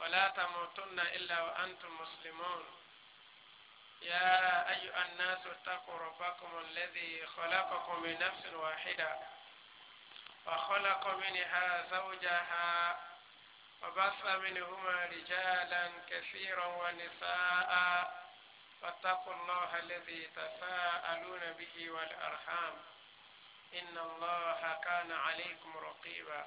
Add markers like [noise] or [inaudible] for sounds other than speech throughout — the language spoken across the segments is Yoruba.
ولا تموتن إلا وأنتم مسلمون يا أيها الناس اتقوا ربكم الذي خلقكم من نفس واحدة وخلق منها زوجها وبث منهما رجالا كثيرا ونساء فاتقوا الله الذي تساءلون به والأرحام إن الله كان عليكم رقيبا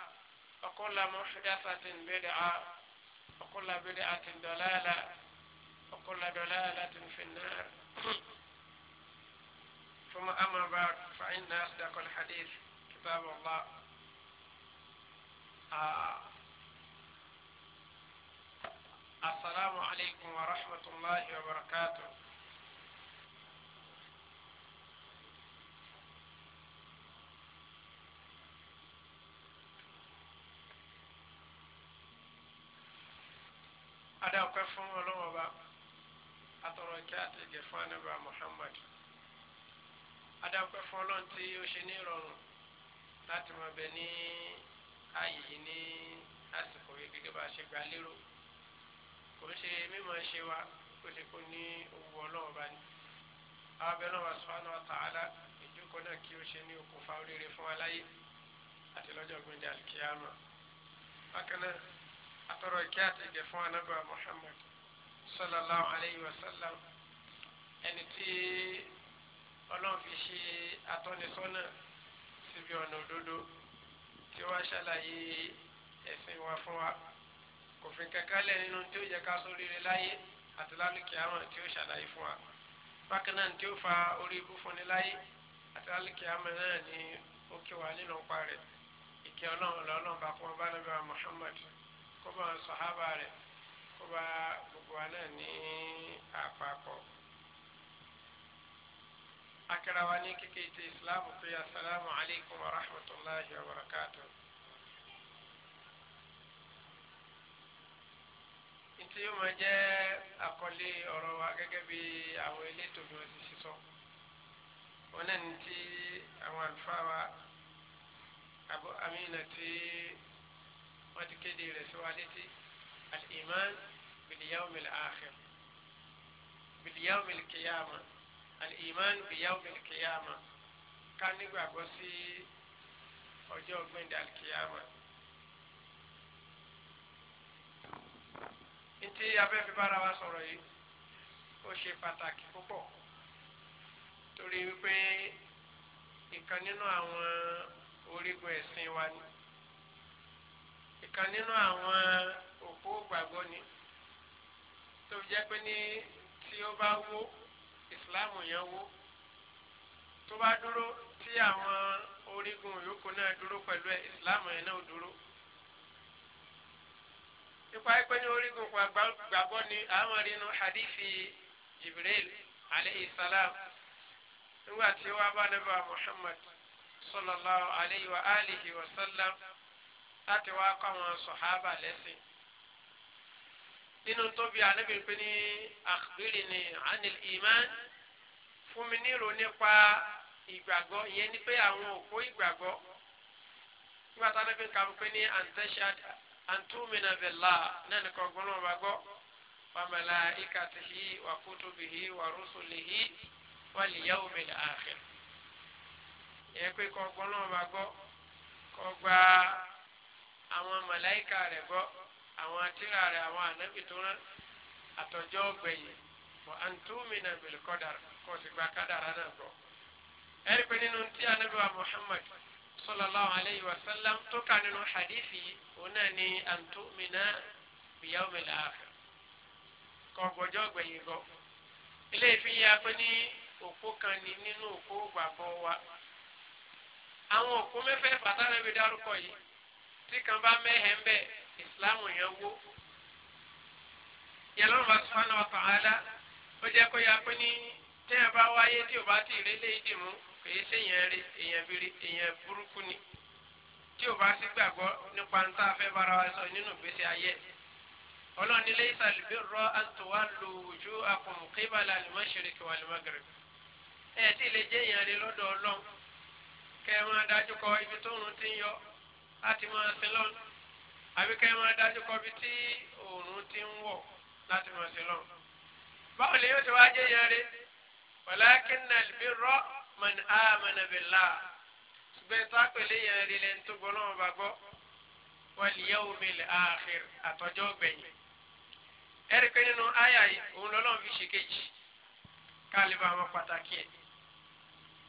وكل محدثة بدعة وكل بدعة دلالة وكل دلالة في النار [clears throat] ثم أما بعد فإن أصدق الحديث كتاب الله آه. السلام عليكم ورحمة الله وبركاته adáwọ̀pẹ́ fún ọlọ́wọ́ bá atọ̀rọ̀ kí àtẹ̀gẹ̀ fún anábà Muhammad adáwọ̀pẹ́ fún ọlọ́run tí ó ṣe ní ìrọ̀rùn láti máa bẹ ní ààyè yìí ní àsìkò yìí gẹ́gẹ́ bá a ṣe gba lérò kò ń ṣe mímọ̀ ṣe wa kó ṣe kó ní owó ọlọ́run bá ní àwọn abẹ́ náà wà subhanahu wa ta'ala ìjókòó náà kí ó ṣe ní okùnfà oríire fún aláyé àti lọ́jọ́ gbẹ̀dẹ̀ àlùkìyàmà bákan náà atọrọ ìkẹ́ àti ìgẹ̀ fún anábà Muhammad sallallahu alayhi wa sallam ẹni tí ọlọ́run fi ṣe atọ́nisọ́nà síbi ọ̀nà òdodo tí wàá ṣàlàyé ẹ̀sìn wa fún wa kò fi kankan lẹ̀ nínú tí ó yẹ ká sórí rẹ láyé àti lálùkì àwọn tí ó ṣàlàyé fún wa bákan náà tí ó fa orí ibú láyé àti lálùkì àwọn náà ni ó kí wa nínú pa rẹ̀ ìkẹ́ ọlọ́run lọ́lọ́run bá fún ọba nàbẹ́wà Muhammad kọba sọhábà rẹ kọba gbogbo wa náà ní àpapọ̀ akara wa ní kékeré ti islam pé asalaamu alaykum wa rahmatulahi wa barakatu. ntí yóò máa jẹ́ àkọlé ọ̀rọ̀ wa gẹ́gẹ́ bí àwọn elétò bí wọ́n ti ṣe sọ. wọn náà ní ti àwọn àlùfáà wa abu amina ti wọ́n ti kéde rẹ̀ sí wa létí al-iman bil-yawm al-akhir bil-yawm al-qiyama al-iman bil-yawm al-qiyama ká nígbàgbọ́ sí ọjọ́ gbẹ̀ndẹ̀ al-qiyama. ntí abẹ́fẹ́ bára wa sọ̀rọ̀ yìí ó ṣe pàtàkì púpọ̀ torí wípé ìkan nínú àwọn orígun ẹ̀sìn wa ni ìkan nínú àwọn òpó gbàgbọ́ ni tó jẹ́ pé ní tí ó bá wó ìsìláàmù yẹn wó tó bá dúró tí àwọn orígun yòókù náà dúró pẹ̀lú ẹ̀ ìsìláàmù yẹn náà dúró nípa pé ní orígun gbàgbọ́ ni àwọn rinu hadithi Jibril aleyhi salam nígbà tí ó wá bá nàbà Muhammad sallallahu alayhi wa alihi wa sallam láti wá kọ́ àwọn sọ̀hábà lẹ́sìn. nínú tóbi ànábì pé ní àkùrì ní anil iman fún mi nírò nípa ìgbàgbọ́ ìyẹn ni pé àwọn òpó ìgbàgbọ́ nígbà tá a lè fi kà pé ní antashada antumina billah náà nìkan gbọ́n náà gbọ́ wa malaikatihi wa kutubihi wa rusulihi wal ìyẹn pé kọ́ gbọ́n náà gbọ́ kọ́ gbàá àwọn màláìka rẹ̀ gbọ́ àwọn àtìrà rẹ̀ àwọn ànábì tó rán àtọ̀jọ́ gbẹ̀yìn wọ́n á ń tó sì gba kádàrà náà gbọ́. ẹ̀rí pé nínú tí ànábì wa Muhammad sallallahu alayhi wa sallam tó kà nínú hadithi òun náà ni à ń tó mìíràn bìyàwó mi làákà kọ́ gbọ́jọ́ gbẹ̀yìn gbọ́. ilé ìfìyà pé ní òkú kan ni nínú òkú gbàgbọ́ wa àwọn òkú mẹ́fẹ̀ẹ́fà tánàbí tí kan bá mẹ́hẹ̀ẹ́ ń bẹ̀ ìsìláàmù yẹn wó. yẹn lọ́nà bá sọ́nà ọkàn ala ó jẹ́ kó ya pé ní téèyàn bá wáyé tí ò bá ti rélé ìdìmú kìí ṣe èèyàn rí èèyàn bírí èèyàn burúkú ni tí ò bá sí gbàgbọ́ nípa ń tá a fẹ́ bára wa sọ nínú ìgbésí ayé ọlọ́run ní lẹ́yìn sàlùbí rọ àtúwà lu ojú akọ̀mù kébàlà àlùmọ́ṣẹ́rẹ́kẹ́ wà lùmọ́gẹ̀rẹ́ ẹ̀ tí ì lè jẹ́ èèyàn rí lọ́dọ̀ ọlọ́run kẹ́ ẹ máa dájú kọ ibi tó ń ti ń yọ láti máa sin lọ́n àbí kẹ́ máa dájú kọ́ bí tí oòrùn ti ń wọ̀ láti máa sin lọ́n. báwo ni yóò ti wá jẹ́ yẹn rí walakinna albirra man amana billah ṣùgbọ́n ètò àpèlé yẹn rí lẹ́ni tó gbọ́ náà bá gbọ́ wal yawmil akhir àtọ́jọ́ gbẹ̀yìn. ẹ̀rí pé nínú àyà yìí òun lọ́lọ́run fi ṣe kejì kálíbà àwọn pàtàkì ẹ̀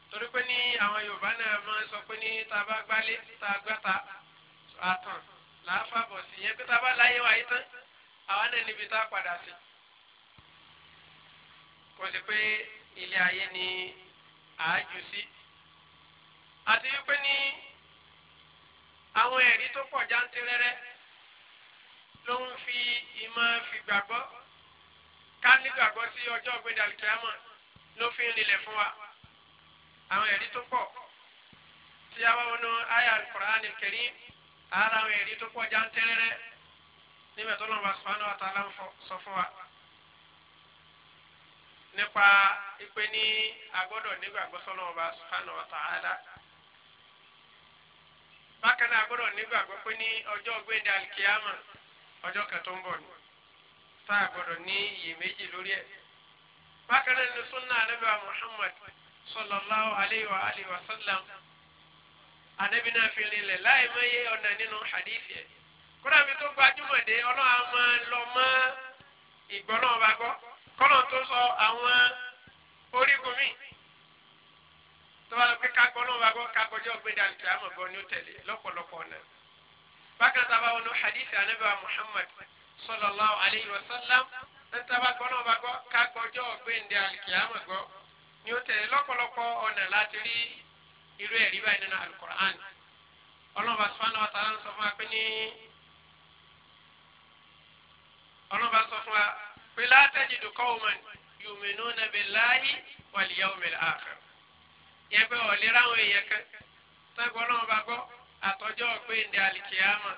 torí pé ní àwọn Yorùbá náà máa ń sọ pé ní tá a bá gbálé tá a gbáta àtàn làáfàbọ̀ sí yẹn pé tá a bá láyé wa yìí tán àwa náà níbi tá a padà sí. kò sí pé ilé ayé ni àájú sí. àti wípé ní àwọn ẹ̀rí tó pọ̀ jántìrẹ́rẹ́ ló ń fi ìmọ̀ fìgbàgbọ́ ká nígbàgbọ́ sí ọjọ́ gbẹdàlùkìámọ̀ ló fi ń rinlẹ̀ fún wa. àwọn ẹ̀rí tó pọ̀ tí a wá wọnú àyà Al-Qur'an al ara àwọn ẹ̀rí tó pọ̀ jáńtẹ́rẹ́rẹ́ níbẹ̀ tó lọ́wọ́ subhanahu wa ta'ala ń sọ fún wa nípa ìpè ní agbọ́dọ̀ nígbàgbọ́ sọ́nà ọba subhanahu wa ta'ala bákan náà agbọ́dọ̀ nígbàgbọ́ pé ní ọjọ́ gbéde alikiyama ọjọ́ kan tó ń bọ̀ ni tá a gbọ́dọ̀ ní iyèméjì lórí ẹ̀ bákan náà ní sunna anabi wa muhammad sallallahu alayhi wa alihi wa sallam anabi náà fi rinlẹ̀ láì mọ iye ọ̀nà nínú hadith yẹn kódà mi tó gbajúmọ̀ dé ọlọ́wà máa lọ mọ́ ìgbọ́n náà bá gbọ́ kọ́nà tó sọ àwọn orígun mi tó bá lọ pé ká gbọ́n náà bá gbọ́ ká gbọ́jọ́ gbé dàlùtì àmọ̀ gbọ́ ni ó tẹ̀lé lọ́pọ̀lọpọ̀ ọ̀nà bákan tá a bá wọnú hadith anabi Muhammad sallallahu alayhi wa sallam ntaba gbọ́nà bá gbọ́ ká gbọ́jọ́ gbé dàlùtì àmọ̀ gbọ́ ni ó tẹ̀lé lọ́pọ̀lọpọ̀ ọ̀nà láti rí irú ẹ̀rí báyìí nínú alukur'an ọlọ́ba sọ́nà wa tààrà ń sọ fún wa pé ní ọlọ́ba sọ fún wa pé látẹ̀jì dùkọ́ wọn yùmínú nàbẹ láàyè wàlíyá omìnira àfẹ́ yẹn pé ọ̀lẹ́ ráwọn èèyàn kan sọ́gbọ́ ọlọ́ba gbọ́ àtọ́jọ́ ọ̀gbẹ́ ìdí àlìkìyàmà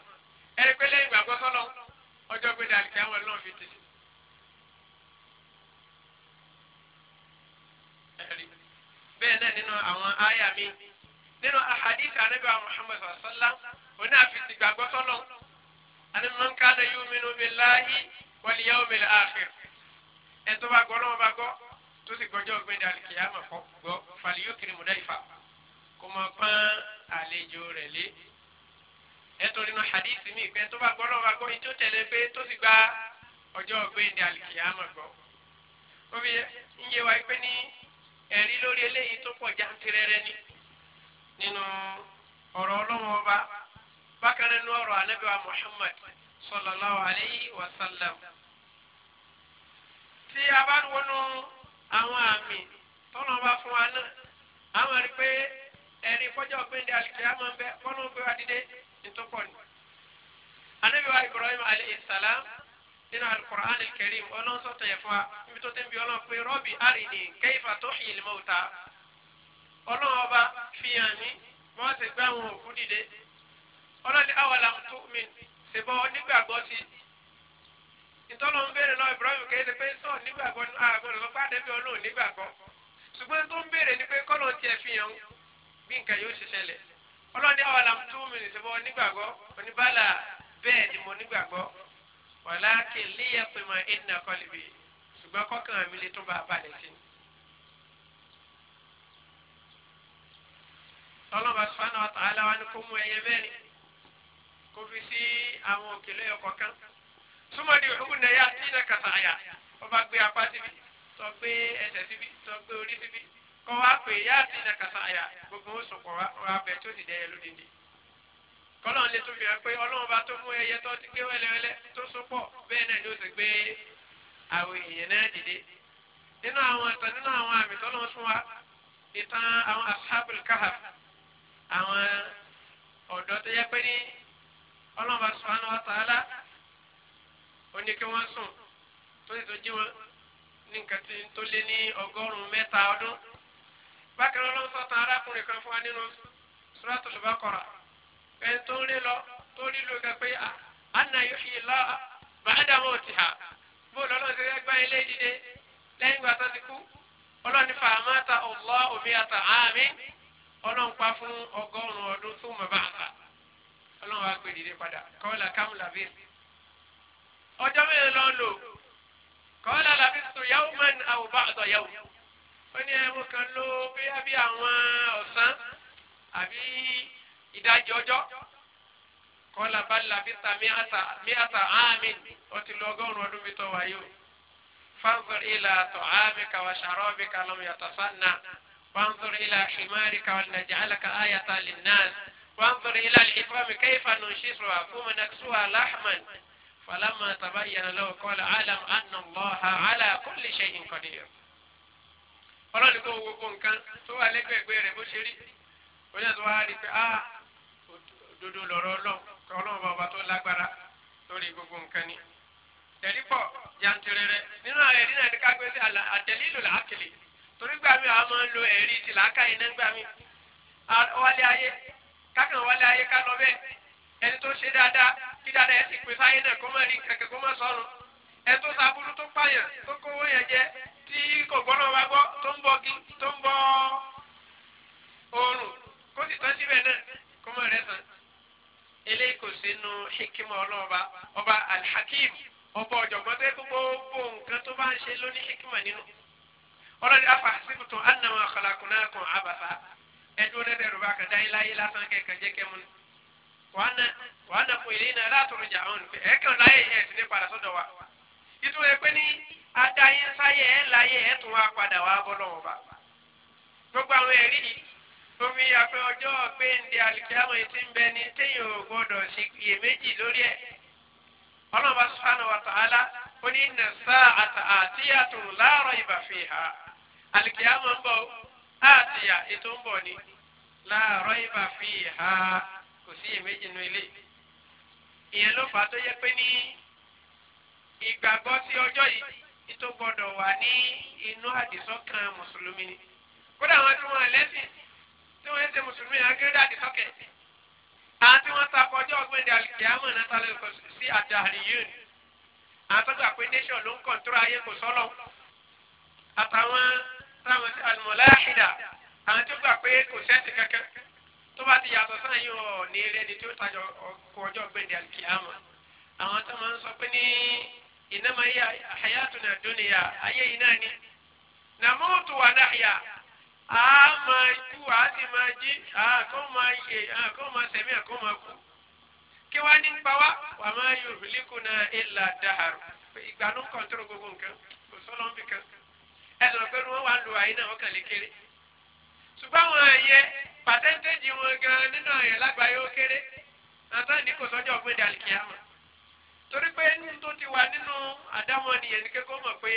ẹ̀rí pé lẹ́yìn ìgbàgbọ́ sọ́lọ́ ọjọ́ ọ̀gbẹ́ ìdí àlìkìyàmà lọ́n bẹ́ẹ̀ náà nínú àwọn áyà mi nínú ahadith anabi wa muhammad sallam oní àfitì gbàgbọ́ sọ́lọ́ anabi man kana yu'minu billahi wal yawmil akhir ẹ̀ tó bá gbọ́ lọ́wọ́ bá gbọ́ tó sì gbọ́jọ́ gbẹ́dẹ́ alikiyama kọ́ gbọ́ falyukrim dayfa kó máa pọ́n àlejò rẹ̀ lé ẹ̀ torí nu hadith mi pé tó bá gbọ́ lọ́wọ́ bá gbọ́ ìjọ tẹ̀lé pé tó sì gba ọjọ́ gbẹ́dẹ́ alikiyama gbọ́ ó fi ń yé wa pé ní ẹ̀rí lórí eléyìí tó pọ̀ jàǹtìrẹrẹ ni. nínú ọ̀rọ̀ ọlọ́run ọba bákan nínú ọ̀rọ̀ wa Muhammad sallallahu wa sallam. tí a bá wọnú àwọn àmì tọ́nà bá fún wa náà àwọn rí pé ẹni kọjá ọ̀gbìn di àlùkìyà máa wa ni. Ibrahim alayhi salam nínú alukur'an al-karim ọlọ́run sọ̀tọ̀ yẹ fún wa níbi tó ti ń ọlọ́run ọba fi hàn mí wọ́n ti gbé àwọn òkú dìde ọlọ́ni awàlà ń tó mi ṣèbọ̀ nígbàgbọ́ sí i ìtọ́nà ń béèrè lọ Ibrahim kéde pé sọ nígbàgbọ́ àgbọ̀n lọ pàdé bí ọlọ́run nígbàgbọ́ ṣùgbọ́n tó ń béèrè ni pé kọ́nà tiẹ̀ fi hàn bí nǹkan yóò ṣe ṣẹlẹ̀ ọlọ́ni awàlà tó mi ṣèbọ̀ nígbàgbọ́ oníbàlà bẹ́ẹ̀ ni mo nígbàgbọ́ wàlá kí n léyà pé mo ẹ̀ ń nà kọ́lé mi ṣùgbọ́n kọ́kàn mi lè tún bá a balẹ̀ sí i. tọ́lọ́mà sùpánà ọ̀tà aláwa ni kó mú ẹyẹ mẹ́rin kó fi sí àwọn òkèlè ọkọ̀ kan súnmọ́dé òhun náà yá sí ìdẹ́kàtà àyà ọba gbé apá síbi tọ́ gbé ẹsẹ̀ síbi tọ́ gbé orí síbi kọ́ wá pé yá sí ìdẹ́kàtà àyà gbogbo oṣù pọ̀ wá bẹ̀ tó sì dẹ́yẹ lódìdí kọ́lọ́n lè tó fi hàn pé ọlọ́run bá tó mú ẹyẹ tó ti gbé wẹ́lẹ́wẹ́lẹ́ tó so pọ̀ náà ni ó sì gbé àwọn èèyàn náà dìde nínú àwọn ìtàn nínú àwọn àmì tọ́lọ́ fún wa ìtàn àwọn ashabul kahf àwọn ọ̀dọ́ tó yẹ pé ní ọlọ́mọba subhanahu wa ta'ala ó ní kí wọ́n sùn tó sì tó jí wọn ní nǹkan tí tó lé ní ọgọ́rùn-ún mẹ́ta ọdún. bákan náà lọ́wọ́ sọ́tàn arákùnrin kan fún wa nínú Suratul Baqara ẹni tó ń rí lọ tó rí lò gẹ́gẹ́ pé ah, anna yuhyi Allah ba'da mawtiha bó lọ́lọ́ ti rẹ́ gbá ilé dìde lẹ́yìn ìgbà tó ti kú ọlọ́ni fàmátà Allah mi'ata 'amin ọlọ́run pa fún ọgọ́rùn-ún ọdún tó mọ̀ bá àgbà ọlọ́run wa gbé dìde padà kọ́lá kámú làbí. ọjọ́ mélòó lọ lò kọ́lá làbí tó yàwó mẹ́rin àwòbá àtọ̀ yàwó. ó ní ẹ̀mú kan ló bóyá bí àwọn ọ̀sán àbí ìdajì ọjọ́ kọ́lá bá làbí ta mí àtà ó ti lọ ọgọ́rùn-ún ọdún mi tọ́ wáyé o. fanzur ilà àtọ̀ áàmì kàwá sàrọ́ bí وانظر إلى حمارك ولنجعلك آية للناس وانظر إلى العظام كيف ننشرها ثم نكسوها لحما فلما تبين له قال أعلم أن الله على كل شيء قدير ọlọ́run tó gbogbo nǹkan tó wà lẹ́gbẹ̀ẹ́gbẹ́ rẹ̀ bó ṣe rí oní àti wàá rí pé a ah, dodo lọ̀rọ̀ ọlọ́run kọ́ ọlọ́run bá tó lágbára lórí gbogbo nǹkan ni. tẹ̀lé jantere rẹ̀ nínú àwọn ẹ̀rí náà làákìlì torí gbà mí àwọn máa ń lo ẹ̀rí ti làákàyè náà gbà mí wálé ayé kákan wálé ayé ká lọ bẹ́ẹ̀ ẹni tó ṣe dáadáa kí dáadáa ẹ sì pè fáyé náà kó má rí kẹ̀kẹ́ kó má sọ̀rọ̀ ẹ tó sàbúrú tó pààyàn tó kówó yẹn jẹ tí kò gbọ́dọ̀ wá gbọ́ tó ń bọ́ kí tó ń bọ́ oorun kó sì tán síbẹ̀ náà kó má rẹ̀ sàn eléyìí kò sínú hikima ọlọ́ọ̀ba ọba alhakim ọba ọ̀jọ̀gbọ́n tó yẹ kó gbogbo nǹkan tó bá ń ṣe ló hikima nínú ọlọ́ni afa síbùtò anamọ kọlákùnákùn abàfà ẹdun lẹ́dẹ̀ rúbà kan dá ilá yìí lásán kẹ̀ kàn jẹ́ kẹ́ mu ni. wàá nà kó ilé náà látọ̀rọ̀ jà ọ̀hún pé ẹ̀kan láyé ẹ̀ ti ní padà sọ́dọ̀ wa. ìtura pé ní adáyé sáyé ẹ̀ láyé ẹ̀ tún wá padà wá bọ́ lọ́wọ́ bá. gbogbo àwọn ẹ̀rí yìí omi afẹ́ ọjọ́ gbẹ̀ǹde alikiamọ̀ ti ń bẹ ní téèyàn ò gbọ́dọ̀ ṣe iyèméjì lórí ẹ̀. ọlọ́run subhanahu wa ta'ala ó ní inna sa'ata atiyatun la rayba fiha àlìkìyàmọ̀ ń bọ̀ àtìyà ètò ń bọ̀ ni láàárọ̀ ibà fi ha kò sí èméjì nu ilé ìyẹn ló fà á tó yẹ pé ní ìgbàgbọ́ sí ọjọ́ yìí tó gbọ́dọ̀ wà ní inú àdìsọ́kàn mùsùlùmí ni kódà wọn tí wọn lẹ́sìn tí wọn ṣe mùsùlùmí agérédé àdìsọ́kẹ̀ àwọn tí wọn takọ ọjọ́ ọgbẹ́ni àlìkìyàmọ̀ náà ta lè sí àdàrí yìí àwọn nation ló ń kọ̀ntúrà ayé kò sọ́lọ́ àtàwọn táwọn àlùmọ̀láyàhídà àwọn tó gbà pé kò sẹ́ǹtì kankan tó bá ti yàtọ̀ sáà yìí ọ̀ ní eré ni tó tajọ ọkọ̀ ọjọ́ gbẹ̀dẹ̀ àlùkìyàmà àwọn tó máa ń sọ pé ní ìnáma yẹ hayatuna dunya ayé yìí náà ni nàmútu wà náà a máa kú a sì máa jí a kò máa yè a máa sẹ̀mí a kò máa kú kí wàá ní pa wá wà máa yòrò líkùnà ìlà dàhàrò ìgbà ló ń kọ̀ntúrò gbogbo nǹkan kò sọ́lọ́ ń ẹ sọ̀rọ̀ pé wọ́n wá lu àyè náà wọ́n kàn lè kéré ṣùgbọ́n àwọn ẹ̀yẹ pàtẹ́ńtẹ́jì wọn gan nínú ẹ̀yẹ lágbàáyé ó kéré àtàn ní kò sọ́jọ́ ọ̀gbìn dàlìkìyàmọ̀ torí pé nínú tó ti wà nínú àdámọ́ nìyẹn ni kékeré mọ̀ pé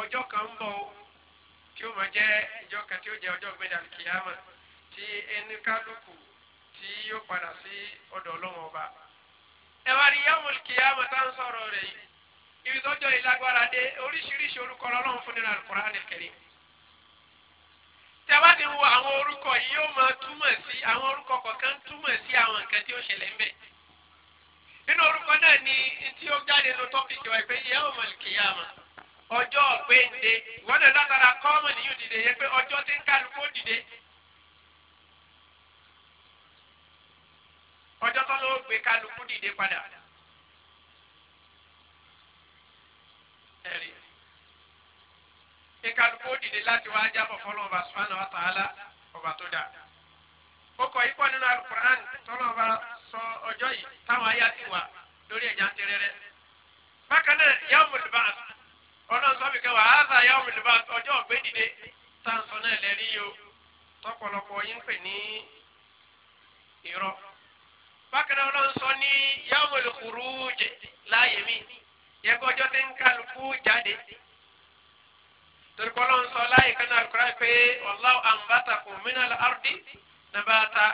ọjọ́ kan ń bọ̀ o tí ó mọ̀ jẹ́ ọjọ́ kan tí ó jẹ́ ọjọ́ ọ̀gbìn dàlìkìyàmọ̀ tí ẹni kálukú tí yóò padà sí ọ̀dọ̀ ọlọ́wọ́n ọba ẹ̀wà ni yàmùlùkìyàmọ̀ tá ń sọ̀rọ̀ rẹ̀ yìí ibi tọ́jọ́ ìlágbára dé oríṣiríṣi orúkọ lọ́lọ́run fún nínú Al-Qur'an Al-Karim tí a bá ti wo àwọn orúkọ yìí yóò máa túmọ̀ sí àwọn orúkọ kọ̀ọ̀kan túmọ̀ sí àwọn nǹkan tí ó ṣẹlẹ̀ ń bẹ̀. nínú orúkọ náà ni tí ó jáde lọ tọ́pìkì wa pé yẹ́ ò mọ̀lì kìí àmọ́ ọjọ́ péńde ìwọ́n náà látara kọ́ọ̀mù nìyí dìde yẹ pé ọjọ́ tí ń kálukú dìde. ọjọ́ tó ló gbé kálukú dìde padà. ẹ̀rí ìkàlùkù dìde láti wá jábọ̀ fọlọ́ ọba sùpánà wa tààlà ọba tó dáa ó kọ ipò nínú alukur'an tọ́lọ́ ọba sọ ọjọ́ yìí táwọn ayé àti wà lórí ẹ̀já ń tẹ́rẹ́rẹ́ bákan náà yawmul ba'th ọlọ́nsọ́ mi kẹwàá ààbà yawmul ba'th ọjọ́ ọ̀gbẹ́ dìde táǹsọ̀ náà lẹ́rí yìí o tọ́pọ̀lọpọ̀ yín ń pè ní irọ́ bákan náà ọlọ́nsọ́ ní yawmul khuruj láàyè mi yẹ kó ọjọ́ tí ń kálukú jáde torí kọ́ ló ń sọ láyé kan náà kúrẹ́ pé wallahu anbatakum minal ardi nabata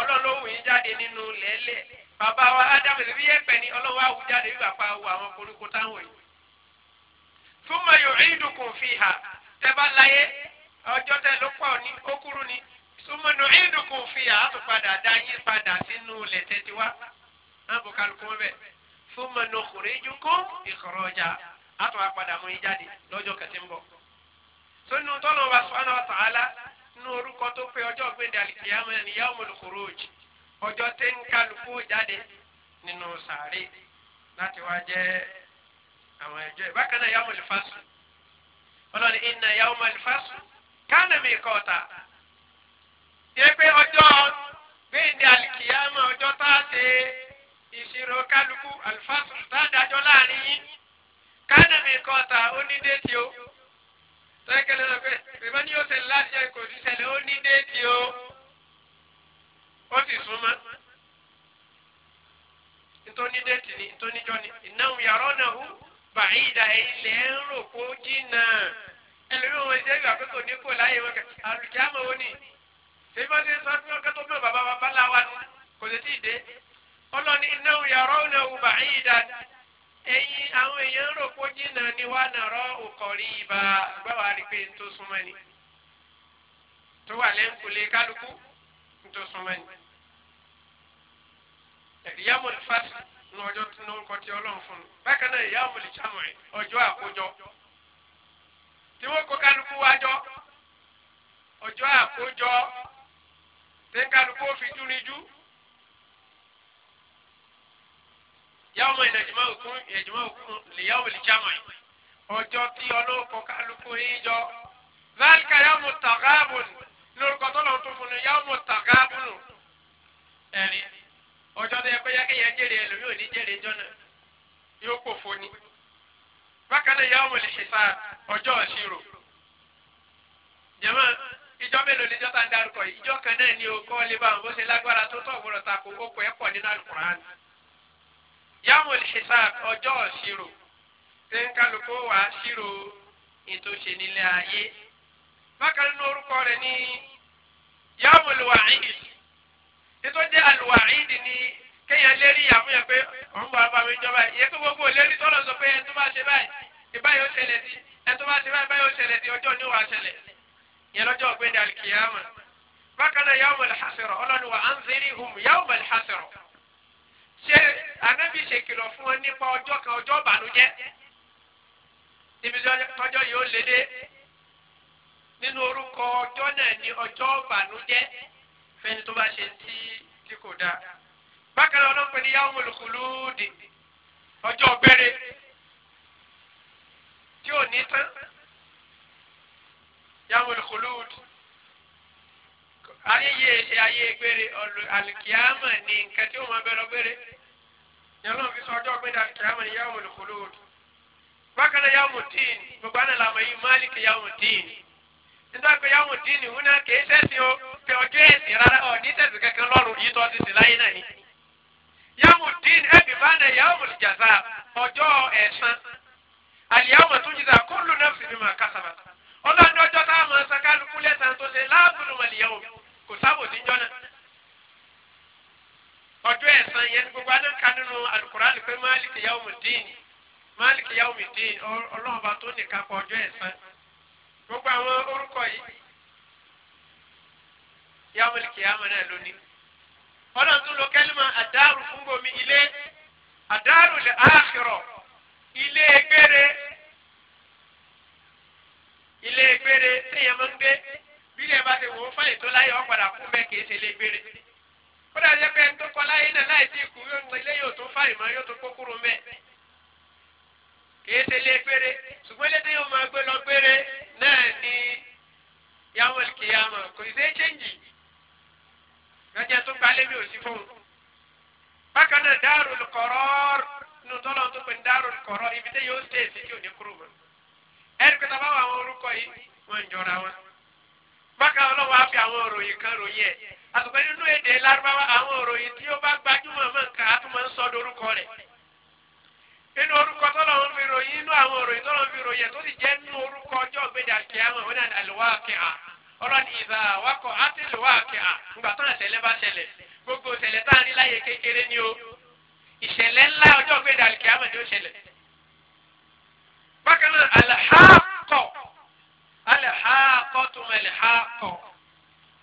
ọlọ́lọ́wù yín jáde nínú lẹ́lẹ̀ bàbá wa ádámù ìlú yẹ pẹ̀ ní ọlọ́wọ́ àwù jáde bí bàbá wa àwọn koríko táwọn yìí. thumma yu'idukum fiha tẹ́ bá láyé ọjọ́ tẹ ló pọ̀ ní ókúrú ni thumma nu'idukum fiha àtúpadà dá yín padà sínú lẹ́tẹ̀tiwa náà bó kálukú wọn bẹ́ẹ̀ thumma nukhrijukum ikhraja àtún àpadà mú yín jáde lọ́jọ́ kẹtí ń bọ̀. sónú tọ́lọ̀ wa subhanahu wa ta'ala nínú orúkọ tó pé ọjọ́ gbẹ̀dẹ̀ àlìkìyàmọ́ ni yawmul khuruj ọjọ́ tẹ́ ń kálukú jáde nínú sàárè láti wá jẹ́ àwọn ẹjọ́ bákan náà yawmul fasl ọlọ́ni inna yawmul fasl kana miqata yẹ pé ọjọ́ gbẹ̀dẹ̀ àlìkìyàmọ́ ọjọ́ tá a ṣe é ìṣirò kálukú alifásùn tá a dájọ́ láàrin yín kánà mi kọ́ ta ó ní o tẹ́kẹ̀lẹ́ lọ pé bèbá ni yóò ṣẹlẹ̀ láti jẹ́ kò sí ṣẹlẹ̀ ó ní o ó sì súnmọ́ nítorí déètì ni nítorí jọ́ ni ìnáwó yàrá náà hù bàyídà ilẹ̀ ń rò kó jìnnà ẹlòmíràn wọn ṣe é gbà pé kò ní kó láyé wọn kẹ àlùjáàmọ̀ wọn ni ṣé bí wọ́n ṣe sọ fún ọkẹ́ tó bí wọn bàbá wa bá láwa kò lè tí dé. ọlọ́ni ináwó yàrá ònà òbá yìí dá ẹ̀yin àwọn èèyàn rò pé jìnnà ni wà nàró òkọ̀rí ibà gbáwàá rí pé tó súnmọ́ ni tó wà lẹ́ńkulé kálukú tó súnmọ́ ni. yamulu fásitì ní ọjọ́ tí ní orúkọ tí ọlọ́run fún un bákan náà yàwó mọ ìdàjìmọ òkun ìdàjìmọ òkun lèyàwó lè jámọ yìí ọjọ́ tí ọlọ́kọ kálukú yín jọ zálìkà yàwó mọ tàgáàbùn lórúkọ tó lọ́n tó fún un yàwó mọ tàgáàbùn ẹ̀rí ọjọ́ tó yẹ pé yákéyà jèrè ẹlòmíì ò ní jèrè ẹjọ́ náà yóò kó foni bákan náà yàwó mọ lè ṣèṣà ọjọ́ ìṣirò jẹ́mọ́ ìjọ mélòó ni jọ́ta ń darúkọ ìjọ yawmul hisab ọjọ́ ìṣirò ṣé ń kálukú wà á ṣírò ètò ìṣènílé ayé bákan nínú orúkọ rẹ̀ ní yawmul wa'id ètò jẹ́ al-wa'id ní kéèyàn lérí ìyàwó yẹn pé òun bọ̀ abàmì ìjọba ìyẹn tó gbogbo lérí tọ́lọ̀ sọ pé ẹtú bá ṣe báyìí ìbáyìí ó ṣẹlẹ̀ sí ẹtú bá ṣe báyìí báyìí ó ṣẹlẹ̀ sí ọjọ́ ní wàá ṣẹlẹ̀ ìyẹn lọ́jọ́ ọ̀gbẹ́ni alikiyama bákan náà yawmul hasra ọlọ́ni wa anzirihum yawmul hasra ṣé ànábì ṣèkìlọ̀ fún wọn nípa ọjọ́ kan ọjọ́ ìbànújẹ́ níbi tọ́jọ́ yìí ó lédè nínú orúkọ ọjọ́ náà ní ọjọ́ ìbànújẹ́ fẹ́ni tó bá ṣe tí tí kò dáa bákan náà ọlọ́pàá ní yàwó olùkùlùdì ọjọ́ gbére tí ò ní tán yàwó olùkùlùdì ayé yé ayé gbére ọlù àlùkìyàmọ̀ ní nǹkan tí ó máa bẹ̀rẹ̀ gbére yàrá fi sọ ọjọ́ gbẹ́dà kìámà ni yàwó lè kóló o bákan náà yàwó dín gbogbo àná làmọ̀ yìí máàlìkì yàwó dín nígbà pé yàwó dín ni wúnà kì í sẹ́sìn o pé ọjọ́ ẹ̀sìn rárá ọ̀ ní sẹ́sìn kankan lọ́rùn yìí tó ti sì láyé náà ni yàwó dín ẹ̀bí bá náà yàwó lè jàzá ọjọ́ ẹ̀san àlìyàwó tó jìzà kó lù náà sì máa kásába ọlọ́run ọjọ́ táwọn sakalukulẹ̀ sàn tó ọjọ́ ẹ̀san yẹn gbogbo anáka nínú alukurani pé máàlìkì yawmuddin máàlìkì yawmuddin ọlọ́run bá tó nìkan kọ ọjọ́ ẹ̀san gbogbo àwọn orúkọ yìí yawmul qiyamah náà lónìí ọlọ́run tún lo kẹ́límà àdáàrú fún gbomi ilé àdáàrú lè áàkìrọ̀ ilé gbére ilé gbére téèyàn máa ń gbé bílẹ̀ bá ti wò ó fáyè tó láyé ọ̀ padà kú bẹ́ẹ̀ kì í ṣe ilé gbére kódà jẹ́ pé ẹni tó kọ láyé náà láì tí kú ilé yóò tún fà ìmọ̀ yóò tún kókóró mẹ́. kìí ṣe lé péré ṣùgbọ́n ilé tí yóò máa gbé lọ péré náà ni yàwó kìyàmọ̀ kò sí ṣe chẹ́ǹjì lọ́jà tó gbalé mi ò sí fún un. bákan náà dáàrú lùkọ̀rọ̀ nínú tọ́lọ̀ tó pè ní dáàrú lùkọ̀rọ̀ ibi tí yóò ṣe èsì tí ò ní kúrò mọ́. ẹnì pé tábà wà àwọn orúkọ yìí wọ́n ń jọra wọn. bákan náà wọ́n á fi àwọn òròyìn kan ròyìn ẹ̀ àgbẹ̀ nínú èdè lárúbáwá àwọn òròyìn tí ó bá gbajúmọ̀ máa ń kà á tún máa ń sọ dorúkọ rẹ̀ inú orúkọ tó lọ́wọ́ fi ròyìn inú àwọn òròyìn tó lọ́wọ́ fi ròyìn tó sì jẹ́ inú orúkọ ọjọ́ ògbéjà kí á mọ̀ wọ́n náà àlùwá kí á ọ̀rọ̀ ní ìdá awakọ̀ àti àlùwá kí á ńgbà tó àṣẹlẹ̀ bá ṣẹlẹ̀ gbogbo ṣẹlẹ̀ tá a rí láyé kékeré ni o ìṣẹ̀lẹ̀ ńlá ọjọ́ ògbéjà kí á mọ̀ ni ó ṣẹlẹ̀. bákan náà àlàhàkọ̀ àlàhàkọ̀ tó mọ̀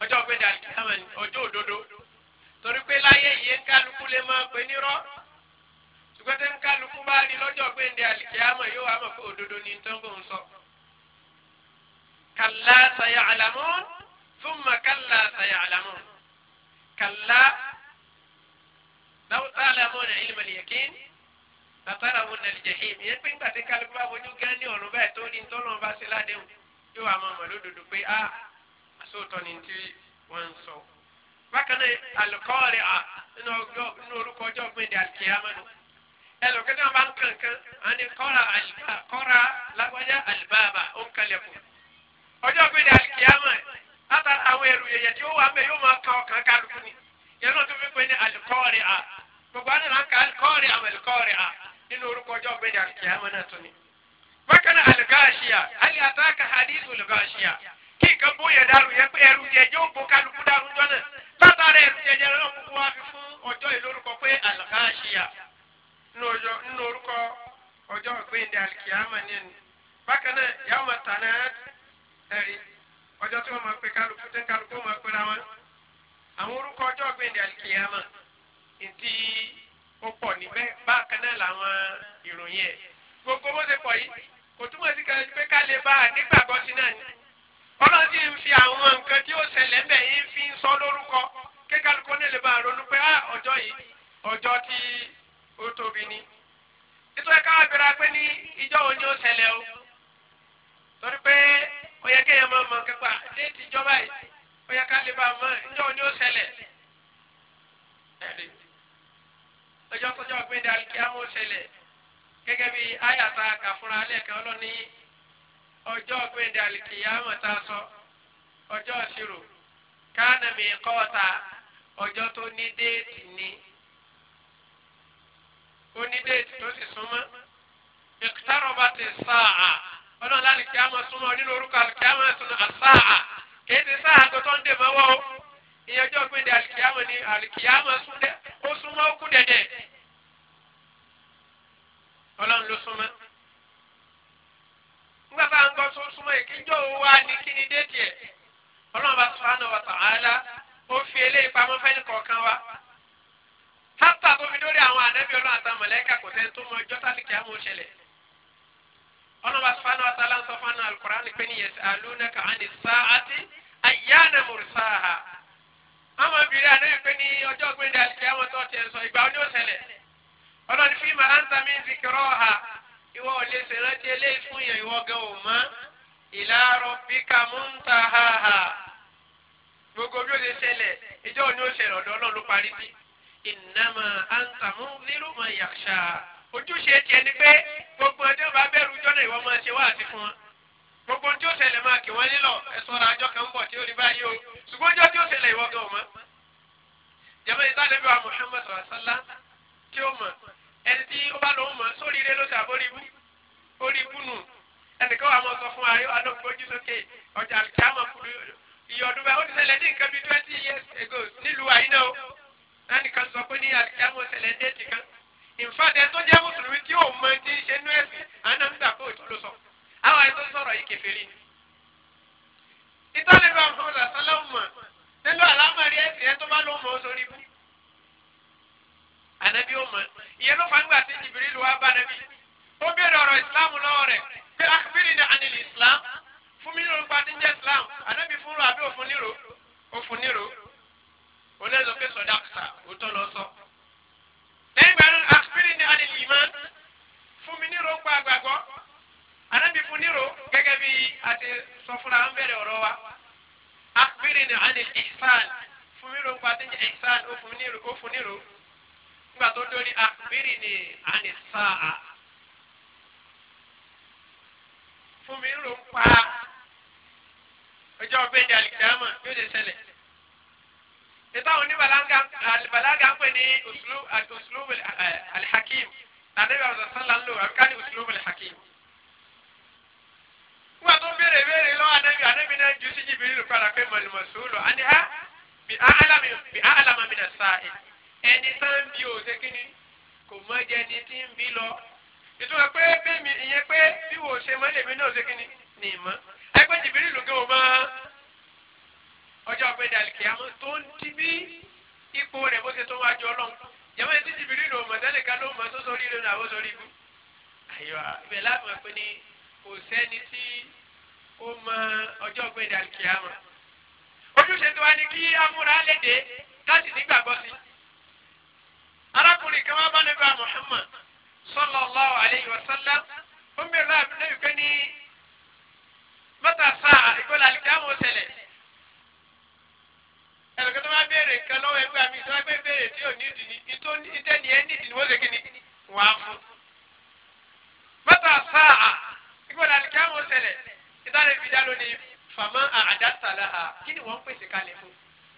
ọjọ́ pé dàlí kìlámà ni ọjọ́ òdodo torí pé láyé yìí kálukú lè máa pè nírọ́ ṣùgbọ́n tẹ́ ń kálukú bá rí lọ́jọ́ pé dàlí kìlámà yóò wá mọ̀ pé òdodo ni tó ń bò ń sọ. kàlá sàyà àlàmú thumma kàlá sàyà àlàmú kàlá law ta'lamuna ilma al-yaqin látara wọn nà lè hìm yẹn pé ńgbà tí kálukú bá wọnú gán ní ọ̀run báyìí tó ní ntọ́nà bá ṣe ládéhùn yóò wá mọ̀ mọ̀ lódodo pé ah sóòtọ́ ni tí wọ́n ń sọ. bákan náà alukọ́ọ̀rì à nínú orúkọ ọjọ́ gbẹ̀dẹ̀ àlùkìyàmánu ẹlòmíkẹ́ náà bá ń kankan àní kọ́ra lágbájá àlùbáàbà ó ń kalẹ̀kùn. ọjọ́ gbẹ̀dẹ̀ àlùkìyàmá látara àwọn ẹrù yẹyẹ tí ó wà mẹ́ yóò máa kan ọkàn kálukú ni yẹn náà tó fi pé ní alukọ́ọ̀rì à gbogbo àná náà ń ka alukọ́ọ̀rì àwọn kí nǹkan bóyá dàrú yẹn pé ẹrù yẹn yóò bó kálukú dàrú jọ náà látara ẹrù yẹn yẹn lọ́wọ́ kúkú wá fi fún ọjọ́ ìlórúkọ pé àlàkáṣíà nínú orúkọ ọjọ́ ìgbéǹde àlìkìyàmà ní ẹnu bákan náà yàwó máa tà náà ẹ̀rí ọjọ́ tí wọ́n máa pe kálukú tí kálukú máa pera wọn àwọn orúkọ ọjọ́ ìgbéǹde àlìkìyàmà ìdí ó pọ̀ níbẹ̀ bákan náà làwọn ìròyìn ẹ̀ gbogbo bó ṣe pọ̀ yìí kò túmọ̀ sí pé ká lè bá a nígbàgbọ́ sí náà ni. ọlọ́run ń fi àwọn nǹkan tí ó ṣẹlẹ̀ ń bẹ̀ ń fi ń sọ lórúkọ bá ronú pé ah, ọjọ́ yìí ọjọ́ tí ó tóbi ni nítorí káwọn abẹ́rẹ́ ní ìjọ wo ni ó ṣẹlẹ̀ o torí pé ó yẹ kéèyàn máa mọ yìí ó yẹ ká lè bá mọ ìjọ wo ni ó ṣẹlẹ̀ ọjọ́ ṣẹlẹ̀ gẹ́gẹ́ bí ayàtà kàfúrà alẹ́ kan ọlọ́ni ọjọ́ gbẹ̀ndẹ̀ àlìkìyàmọ̀ tá a sọ ọjọ́ ìṣirò káànà mi kọ́ta ọjọ́ tó ní déètì ni ó ní déètì tó sì súnmọ́ ìkútàrọ̀bà ti sáà ọlọ́run lálìkìyàmọ̀ súnmọ́ nínú orúkọ àlìkìyàmọ̀ súnmọ́ àsáà kìí ti sáà tó tó ń dè mọ́wọ́ o ìyẹn ọjọ́ gbẹ̀ndẹ̀ àlìkìyàmọ̀ ni àlìkìyàmọ̀ ó súnmọ́ ó kú dẹ̀dẹ̀ ọlọ́run ló súnmọ́ nígbà tá à ń gbọ́ sọ́súnmọ́ ìkíjọ́ wa ní kí ni déètì ẹ̀ ọlọ́run bá subhanahu wa ta'ala ó fi eléyìí pamọ́ fẹ́ni kọ̀ọ̀kan wa hátà tó fi lórí àwọn ànábì ọlọ́run àtàwọn mọ̀lẹ́kà kò tẹ́ tó mọ ọjọ́ tálíkì àmọ́ ṣẹlẹ̀ ọlọ́run bá subhanahu wa ta'ala ń sọ fún Al-Qur'an pé ní yas'alunaka 'ani s-sa'ati ayyana mursaha àwọn obìnrin ànábì pé ní ọjọ́ gbẹ̀ndẹ̀ àlìkẹ́ tó ti ẹ̀ sọ ìgbà ọdún ṣẹlẹ̀ ọlọ́run fima ìwọ ò lè ṣèrántí eléyìí fún yẹn ìwọ gan ò mọ ìlà rabbika muntahaha gbogbo bí ó ṣe ṣẹlẹ̀ ìjọ òní ó ṣẹlẹ̀ ọ̀dọ̀ Ọlọ́run ló parí bí innama anta munziru man yakhsha ojúṣe tiẹ̀ ni pé gbogbo ẹni ọba bẹ̀rù jọ́nà ìwọ máa ṣe wá àti fún wọn gbogbo tí ó ṣẹlẹ̀ máa kì wọ́n nílọ ẹ̀sùn ọ̀rọ̀ àjọ kan ń bọ̀ tí ó rí báyìí o ṣùgbọ́n ọjọ́ tí ó ṣẹlẹ̀ ìwọ gan ò mọ́ jẹ́mọ́ ìtàlẹ́bí wa Muhammad sallallahu alaihi wasallam tí ó mọ̀ ẹni tí ó bá lọ mọ̀ sórí ilé ló sàbórí ibú orí ibú nù ẹnìkan wà mọ̀ sọ fún ayé wa lọ́kùn ojú sókè ọjà àlùkàmọ̀ kúrú iye ọdún báyìí ó ti ṣẹlẹ̀ ní nǹkan bíi twenty years ago nílùú àyínà o ẹnìkan sọ pé ní àlùkàmọ̀ ṣẹlẹ̀ déètì kan ìfàdé tó jẹ́ mùsùlùmí tí ò mọ ti ṣe nú ẹ̀sìn àná ń gbà pé òtún ló sọ àwọn ẹni tó sọ̀rọ̀ yìí kèfèrí ni. ìtọ́lẹ̀ bá fún ọ̀làsálàmù mọ̀ nínú àlámọ̀rí ẹ̀sìn ẹ̀ tó ànábì ó mọ̀ ìyẹn ló fàǹgbà tí Jibril wá bá ànábì ó béèrè ọ̀rọ̀ ìsìláàmù lọ́wọ́ rẹ̀ pé akpiri ni anil islam fún mi ní olùkọ́ àti jẹ́ islam ànábì fún rò àbí òfun níro òfun níro onílẹ̀ pé sọ̀dá kà òótọ́ lọ sọ. lẹ́yìn gbàrú akpiri ni anil iman fún mi níro gba àgbàgbọ́ ànábì fún níro gẹ́gẹ́ bí àti sọ ń bẹ̀rẹ̀ ọ̀rọ̀ wa akpiri ni anil ihsan fún mi ní olùkọ́ àti jẹ́ ihsan òfun nígbà tó dórí àkùbírì ah, ni à ní sáà fún mi ló ń pa ọjọ́ bẹ́ẹ̀ni àlìkàmọ̀ yóò lè ṣẹlẹ̀ ìtàwọn oníbàlágà àlìbàlágà ń pè ní uslub eh, alhakim nàdébà ọ̀sán sálà ń lò àbíká ní uslub alhakim nígbà tó béèrè béèrè lọ́wọ́ anábì anábì náà ju sí jìbìrì lù padà pé mọ̀lùmọ̀sùn lò á ní ha bí á bí á nà sáà ẹ̀ ẹni tá ń bí òṣè kínní kò mọ jẹ ni tí ń bí lọ ìtumọ̀ pé bẹ́ẹ̀mi ìyẹn pé bí wò ṣe mọ́ lèmi náà òṣè kínní ni ìmọ̀ ẹgbẹ́ jìbìrì lùgẹ́ wò máa ọjọ́ ọ̀gbẹ́dẹ àlìkìyàmọ́ tó ń di bí ipò rẹ̀ bó ṣe tó wájú ọlọ́run jẹ́wọ́n ti jìbìrì lò mọ̀ sẹ́lẹ̀ ká ló mọ̀ tó sórí lónìí àwọn sórí ibú. àyọ̀ ibẹ̀ láti mọ̀ pé ni kò sẹ́ni tí ó mọ ọjọ́ ọ̀gbẹ́dẹ àlìkìyàmọ́ ojúṣe tó wá ní kí amúra léde láti nígbàgbọ́ sí i arákùnrin kan wá bá nígbà Muhammad sallallahu alayhi wa sallam ó ń bẹ̀rẹ̀ láàbí náà wípé ní mọ́tà sáà ìgbọ́lá àlìkámọ̀ tẹ̀lẹ̀ ẹnìkan tó máa béèrè nǹkan lọ́wọ́ ẹgbẹ́ mi tó máa gbé béèrè tí ò ní ìdì ní ìtò ìtẹ́ni ẹ ní ìdì ní wọ́n ṣe kíni wọ́n á fún. mọ́tà sáà ìgbọ́lá àlìkámọ̀ tẹ̀lẹ̀ fìdá lónìí fàmọ́ àdásàlá kí ni wọ́n pèsè kalẹ̀ fún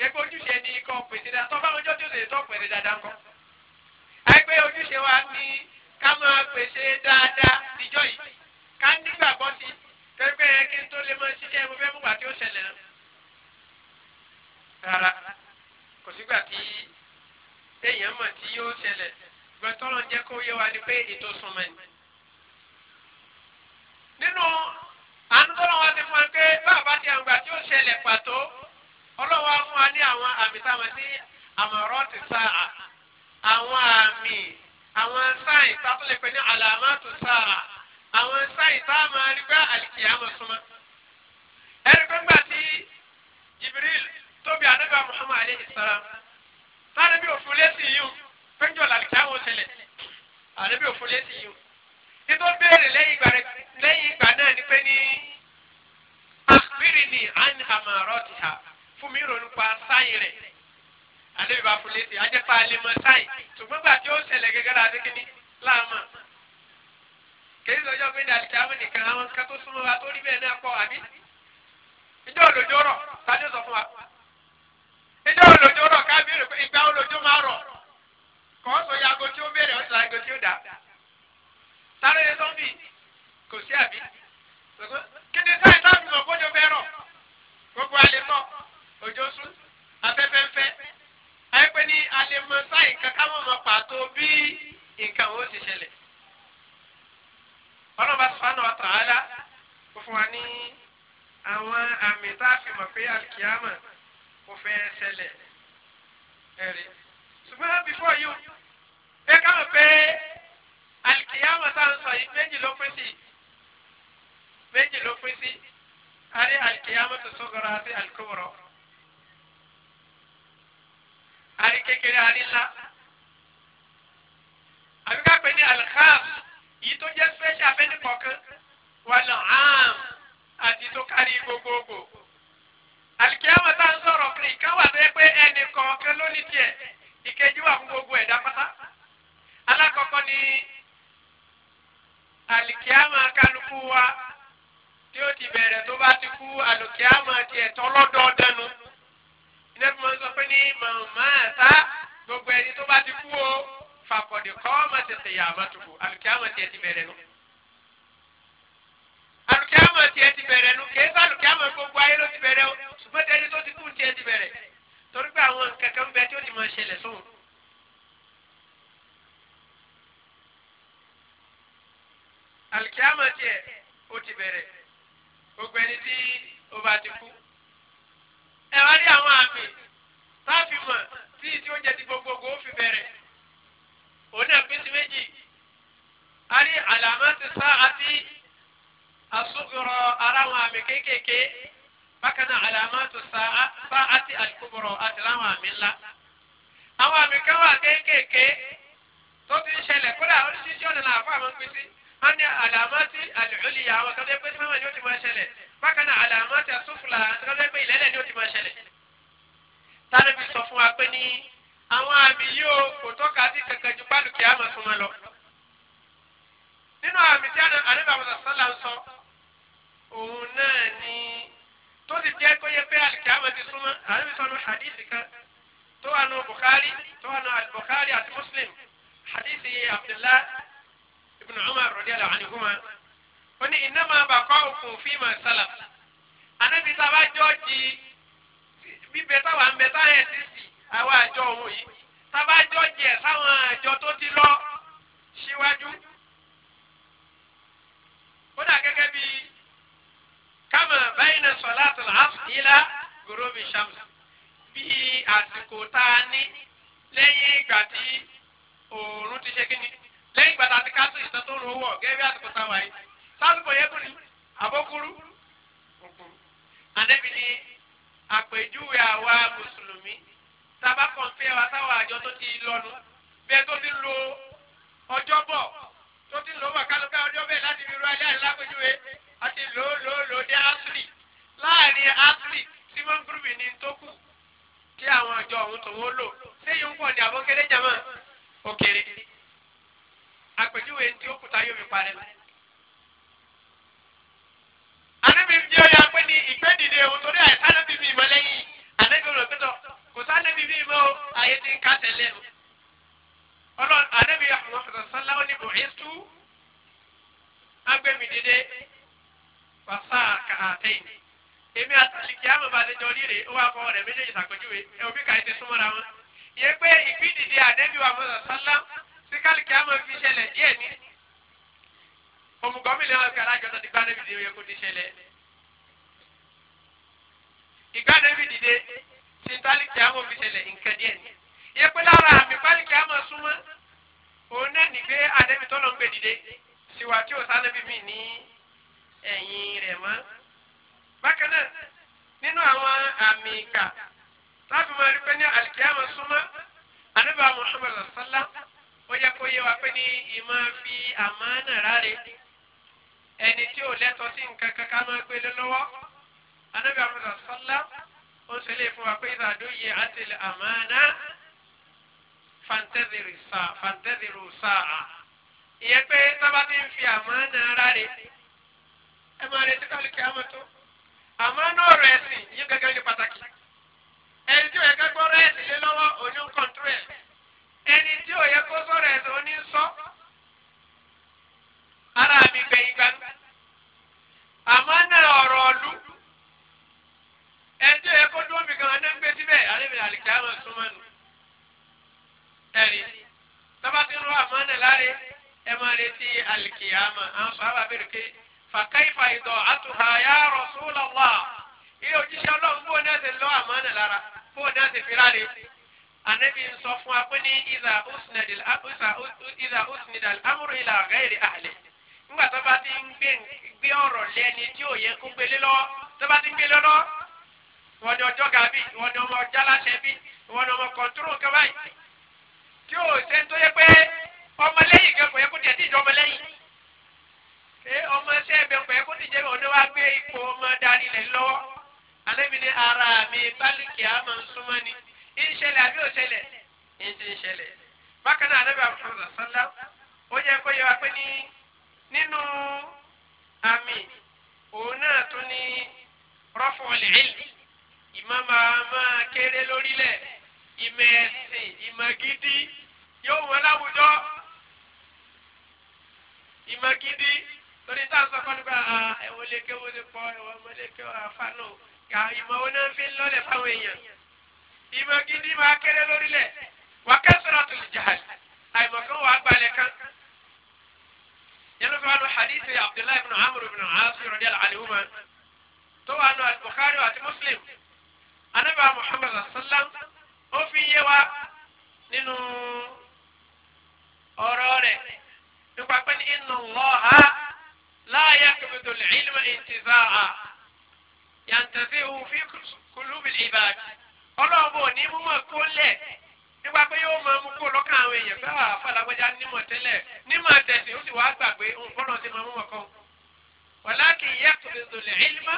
ẹgbẹ́ ojúṣe ni ikọ̀ pèsè dáadáa tó bá wọn jọ́ tó pèsè dáadáa ńkọ́ àìpé ojúṣe wa ni ká máa pèsè dáadáa níjọ́ yìí ká nígbàgbọ́ sí pẹ́pẹ́ kí n tó lè máa ṣiṣẹ́ mo fẹ́ mú wà tí ó ṣẹlẹ̀ náà. rárá kò sígbà tí téèyàn mọ̀ tí yóò ṣẹlẹ̀ ṣùgbọ́n tọ́lọ́ jẹ́ kó yé wa ni pé ètò súnmọ́ ni. nínú àánú tọ́lọ́ wa ti fún wa pé bàbá ti àgbà tí ó ṣẹlẹ̀ pàtó ọlọ́wọ́ á fún wa ní àwọn àmì táwọn sí àmọ̀ràn ti sáà àwọn àmì àwọn sáì tábìlì pé ní àlàmátù sáà àwọn sáì tá a máa rí bá àlìkìyàmọ̀ súnmọ́. ẹ̀rí pé ńgbà tí Jibril tóbi ànábà Muhammad aleyhi salam láti bí òfin lẹ́sìn yìí péjọ làlìkìyàmọ̀ ṣẹlẹ̀ ànábì òfin lẹ́sìn yìí títọ́ béèrè lẹ́yìn ìgbà náà ni pé ní àkbírì ni àìní àmàrọ̀ ti hà fún mi ìrònú pa sáyìn rẹ̀ àdébí bá fún létí ajẹ́pá alẹ́mọ sáì ṣùgbọ́n gbà tí ó ṣẹlẹ̀ gẹ́gẹ́ láti kíní láàmà. kèyí lọ́jọ́ pé dàlí tí a mọ̀ nìkan àwọn kan tó súnmọ́ wa tó rí bẹ́ẹ̀ náà pọ̀ àbí. ìjọ òlòjó rọ̀ tani sọ fún wa. ìjọ òlòjó rọ̀ ká béèrè pé ìgbà òlòjó máa rọ̀ kọ́ sọ yago tí ó béèrè ọ̀sán yago tí ó dà. sáré sọ́mbì kò sí àbí. kíni sáì sáà mi mọ̀ bójú fẹ́ rọ̀ gbogbo alẹ́ mọ̀ òjò sún afẹ́fẹ́ wọ́n ní alẹ́mọ̀tá nǹkan ká mọ̀ mọ̀ pàtó bí nǹkan ó ti ṣẹlẹ̀. ọlọ́ba subhanahu wa ta'ala kò fún wa ní àwọn àmì tá a fi mọ̀ pé alikiyama kò fẹ́ ṣẹlẹ̀ ẹ̀rí. ṣùgbọ́n bífọ̀ yìí ẹ ká mọ̀ pé alikiyama tá a ń sọ yìí méjì ló pín sí méjì ló pín sí a rí alikiyama tó sọ̀rọ̀ àti alikóbọ̀rọ̀ àrí kékeré àrí ńlá àbí ká pè ní alkhaf yìí tó jẹ́ special abẹ́ni kọ̀ọ̀kan wà lọ àm àti tó kárí gbogbogbò alikiyama tá ń sọ̀rọ̀ pé ìkan wà tó yẹ pé ẹnì kọ̀ọ̀kan ló ní tiẹ̀ wà fún gbogbo ẹ̀dá pátá alákọ̀ọ́kọ́ ni alikiyama kálukú wa tí ó ti bẹ̀rẹ̀ tó bá ti kú alikiyama tiẹ̀ tọ́lọ́dọ́ọ́dẹ́nu iná tí mo ń sọ pé ní màmá ẹ̀ta gbogbo ẹni tó bá ti kú o fàkọ̀dé kọ́ ọmọ tẹ̀sẹ̀ yà má tó kù àlùkìyámà tiẹ̀ ti bẹ̀rẹ̀ nù. àlùkìyámà tiẹ̀ ti bẹ̀rẹ̀ nù kì í sọ àlùkìyámà gbogbo ayé ló ti bẹ̀rẹ̀ o ṣùgbọ́n tẹni tó ti kú tiẹ̀ ti bẹ̀rẹ̀ torí pé àwọn nǹkan kan bẹ tí ó ti máa ṣẹlẹ̀ sóhun. àlùkìyámà tiẹ̀ ó ti bẹ̀rẹ̀ gbogbo ẹni tí ó bá ti kú ẹ wá rí àwọn àmì sáfì mọ̀ tí tí ó jẹ ti gbogbogbò ó fi bẹ̀rẹ̀ òun náà pín sí méjì a rí àlàmọ́ ti sá àti asúgbọ̀rọ̀ ara àwọn àmì kéékèèké bákan náà àlàmọ́ ti sá àti àlùkùbọ̀rọ̀ àti láwọn àmì ńlá àwọn àmì kan wà kéékèèké tó ti ń ṣẹlẹ̀ kódà oríṣiríṣi ọ̀nà làwọn àfọ àwọn pín sí wọ́n ní àlàmọ́ ti àlùhùlìyà àwọn kan tó yẹ pé sí mẹ́wàá ni ó ti máa ṣẹlẹ̀ bákan náà àlàmọ́tì àsúfùlà àtúntò pé ìlẹ́lẹ̀ ni ó ti máa ṣẹlẹ̀ tálẹ́ fi sọ fún wa pé ní àwọn àmì yóò kò tọ́ka sí kankan ju pálùkì àmọ́ fún wọn lọ nínú àmì tí ànábì àwọn sọ́là ń sọ òun náà ni tó ti jẹ́ kó yẹ pé àlìkàmọ́ ti súnmọ́ ànábì sọ́nù hadith kan tó wà nù Bukhari tó wà nù bukhari àti Muslim hadith yìí Abdullah ibn Umar radiyallahu anhuma ó ní iná máa bà kọ́ òkun fí mà sálà anábì sábà jọ́ọ̀jì bíbẹ táwa ń bẹ táyà ti sì àwa àjọ òun yìí sábà jọ́ọ̀jì ẹ̀ sáwọn àjọ tó ti lọ síwájú kódà gẹ́gẹ́ bí kámà báyìí sọ̀láàtì àfìlà gòròmì sàmùsà bí àsìkò tá a ní lẹ́yìn ìgbà tí òòrùn ti ṣe kíni lẹ́yìn ìgbà tá a ti ká sí ìtọ́tò òòrùn wọ̀ gẹ́gẹ́ bí àsìkò táwa yìí sásìkò yẹn kò ní àbókúrú kúkúrú ànábì ní àpèjúwe àwa mùsùlùmí sábà kan fẹ́ wa sáwọn àjọ tó ti lọ́nu bẹ́ẹ̀ tó ti lo ọjọ́ bọ̀ tó ti lò wọ̀ kálukà ọjọ́ bẹ́ẹ̀ láti fi ru alẹ́ àti lápèjúwe àti lòó lòó lòó dé asiri láàrin asiri simon group ni tó kù kí àwọn àjọ ọ̀hún tó wọ́n lò sẹ́yìn pọ̀ ní abọ́kẹ́lẹ́ jama òkèrè àpèjúwe tí ó kùtà yóò fi parẹ́ anábì fi ọyọ pé ní ìpẹ́ dìde òun torí àìsàn anábì mi ìmọ̀ lẹ́yìn anábì rẹ̀ pẹ́tọ̀ kò sá anábì mi ìmọ̀ o ayé ti ń ká tẹ̀lé o. ọlọ́run anábì Muhammad sallallahu ní bu'istu agbẹ́mi dìde wàsá kàtẹ́yìn èmi àtàlìkì àmàbàdéjọ rírè ó wà fọwọ́ rẹ̀ méjèèjì sàpèjúwe ẹ̀ òbí kàyé ti súnmọ́ra wọn. ìyẹn pé ìpín dìde anábì wa mọ̀ sálá síkàlìkì àmọ̀ fi ṣẹlẹ̀ díẹ̀ ní òmùgọ́ mi lè wọ́n fi alájọ tó ti gbá débi dìde kó ti ṣẹlẹ̀. ìgbá débi dìde ti ń tálíkì àwọn òfin ṣẹlẹ̀ nǹkan díẹ̀ ni. iye pé lára àmì pálíkì àmọ̀ súnmọ́ òun náà nígbé àdẹ́bí tó lọ ń gbé dìde síwá tí ò sálẹ́bí mi ní ẹ̀yìn rẹ̀ mọ́. bákan náà nínú àwọn àmì ìkà láti máa rí pé ní àlìkíyàmọ súnmọ́ àdébà Muhammad sallam ó yẹ kó yẹ wá pé ní ìmọ̀ fi àmánà ráre ẹni tí ò lẹ́tọ̀ọ́ sí nǹkan kankan máa gbé lé lọ́wọ́ anábì àmọ́tà sọ́lá ó ṣe lè fún wa pé ìsàdóye àtìlẹ̀ àmàna fàǹtẹ́sìrò sáà ìyẹn pé sábà ti ń fi àmàna rárẹ̀ ẹ máa retí kálukì àmọ́tò àmàna ọ̀rọ̀ ẹ̀sìn yìí gẹ́gẹ́ ní pàtàkì ẹni tí ò yẹ kẹ́kọ̀ọ́ rẹ̀ ẹ̀sìn lé lọ́wọ́ òní ń kọ̀ǹtúrẹ̀ ẹni tí ò yẹ kó sọ̀rọ̀ ẹ̀sìn òní ń sọ́ ara mi gbẹ̀yìn gbangba àmọ́ náà ọ̀rọ̀ ọ̀lú ẹjọ́ yẹ kó dúró mi kan ẹ̀ ń gbé síbẹ̀ àlébi àlìkẹ́ àwọn ìsúnmọ́ nù ẹ̀rí tọ́bátìrú àmọ́ náà láre ẹ máa retí àlìkẹ́ àmọ́ àwọn sábà bẹ̀rẹ̀ pé fàkàìfà ìdọ̀ àtúhà yà Rasulullah ilé òjíṣẹ́ ọlọ́run bó ní ẹsẹ̀ lọ́ àmọ́ náà lára bó ní ẹsẹ̀ fi láre anabi sọ fún wa ní ìzà usnidal amúrò ìlà ghairi ahlihi nígbà tó bá ti ń gbé gbé ọ̀rọ̀ lẹ́ni tí ò yẹ kó gbélé lọ́wọ́ tó bá ti ń gbélé lọ́wọ́ wọ́n ní ọjọ́ ga bí wọ́n ní ọmọ jálásẹ bí wọ́n ní ọmọ kọ̀ǹtúrò kan báyìí tí ò ṣe tó yẹ pé ọmọlẹ́yìn kan kò yẹ kó tiẹ̀ tíjọ ọmọlẹ́yìn pé ọmọ ẹsẹ̀ ẹ̀bẹ̀ kò yẹ kó tiẹ̀ jẹ́ ọ̀nà wa gbé ipò ọmọ darí lẹ̀ lọ́wọ́ alẹ́mi ní ara mi bálíkì àmọ́ nsúmọ́ ni ìṣẹ̀lẹ̀ àbí òṣẹlẹ̀ ìṣẹ̀lẹ̀ bákan náà alẹ́mi àbúrò sọ́lá ó yẹ kó yẹ wa pé ní nínú àmì òun náà tún ní rọ́fọ̀lì ìlì ìmọ̀ máa máa kéré lórílẹ̀ ìmọ̀ ẹ̀sìn ìmọ̀ gidi yóò wọ́n láwùjọ ìmọ̀ gidi torí tá a sọ fún nípa ẹ̀wọ̀n lékè wọ́n ti pọ̀ ẹ̀wọ̀n mọ́lékè àfààní ká ìmọ̀ wọn náà fi ń lọ́lẹ̀ fáwọn èèyàn ìmọ̀ gidi máa kéré lórílẹ̀ wà kẹ́sọ̀rọ̀ tó lè jà àìmọ̀ wà á gbalẹ̀ kan yẹnu fi wá lu hadith yẹ abdullahi ibn amr ibn as radiyallahu anhuma tó wà nù al-bukhari àti muslim anabi wa muhammad sallam ó fi yé wa nínú ọ̀rọ̀ rẹ̀ nípa pé inna Allaha la yakbidu al-ilma intizaa yantazi'u fi qulubi al-ibad ọlọ́run ní mímọ́ kó lẹ̀ nípa pé yóò máa mú kó lọ́kàn àwọn èèyàn pé ah, àwọn afọlágbẹ́já nímọ̀ tẹ́lẹ̀ nímọ̀ tẹ̀sìn ó sì wá gbà pé òun fọ́nà ti máa mú wọn kọ́ wàláàkì ìyá tòlẹ̀tòlẹ̀ ẹ̀lìmá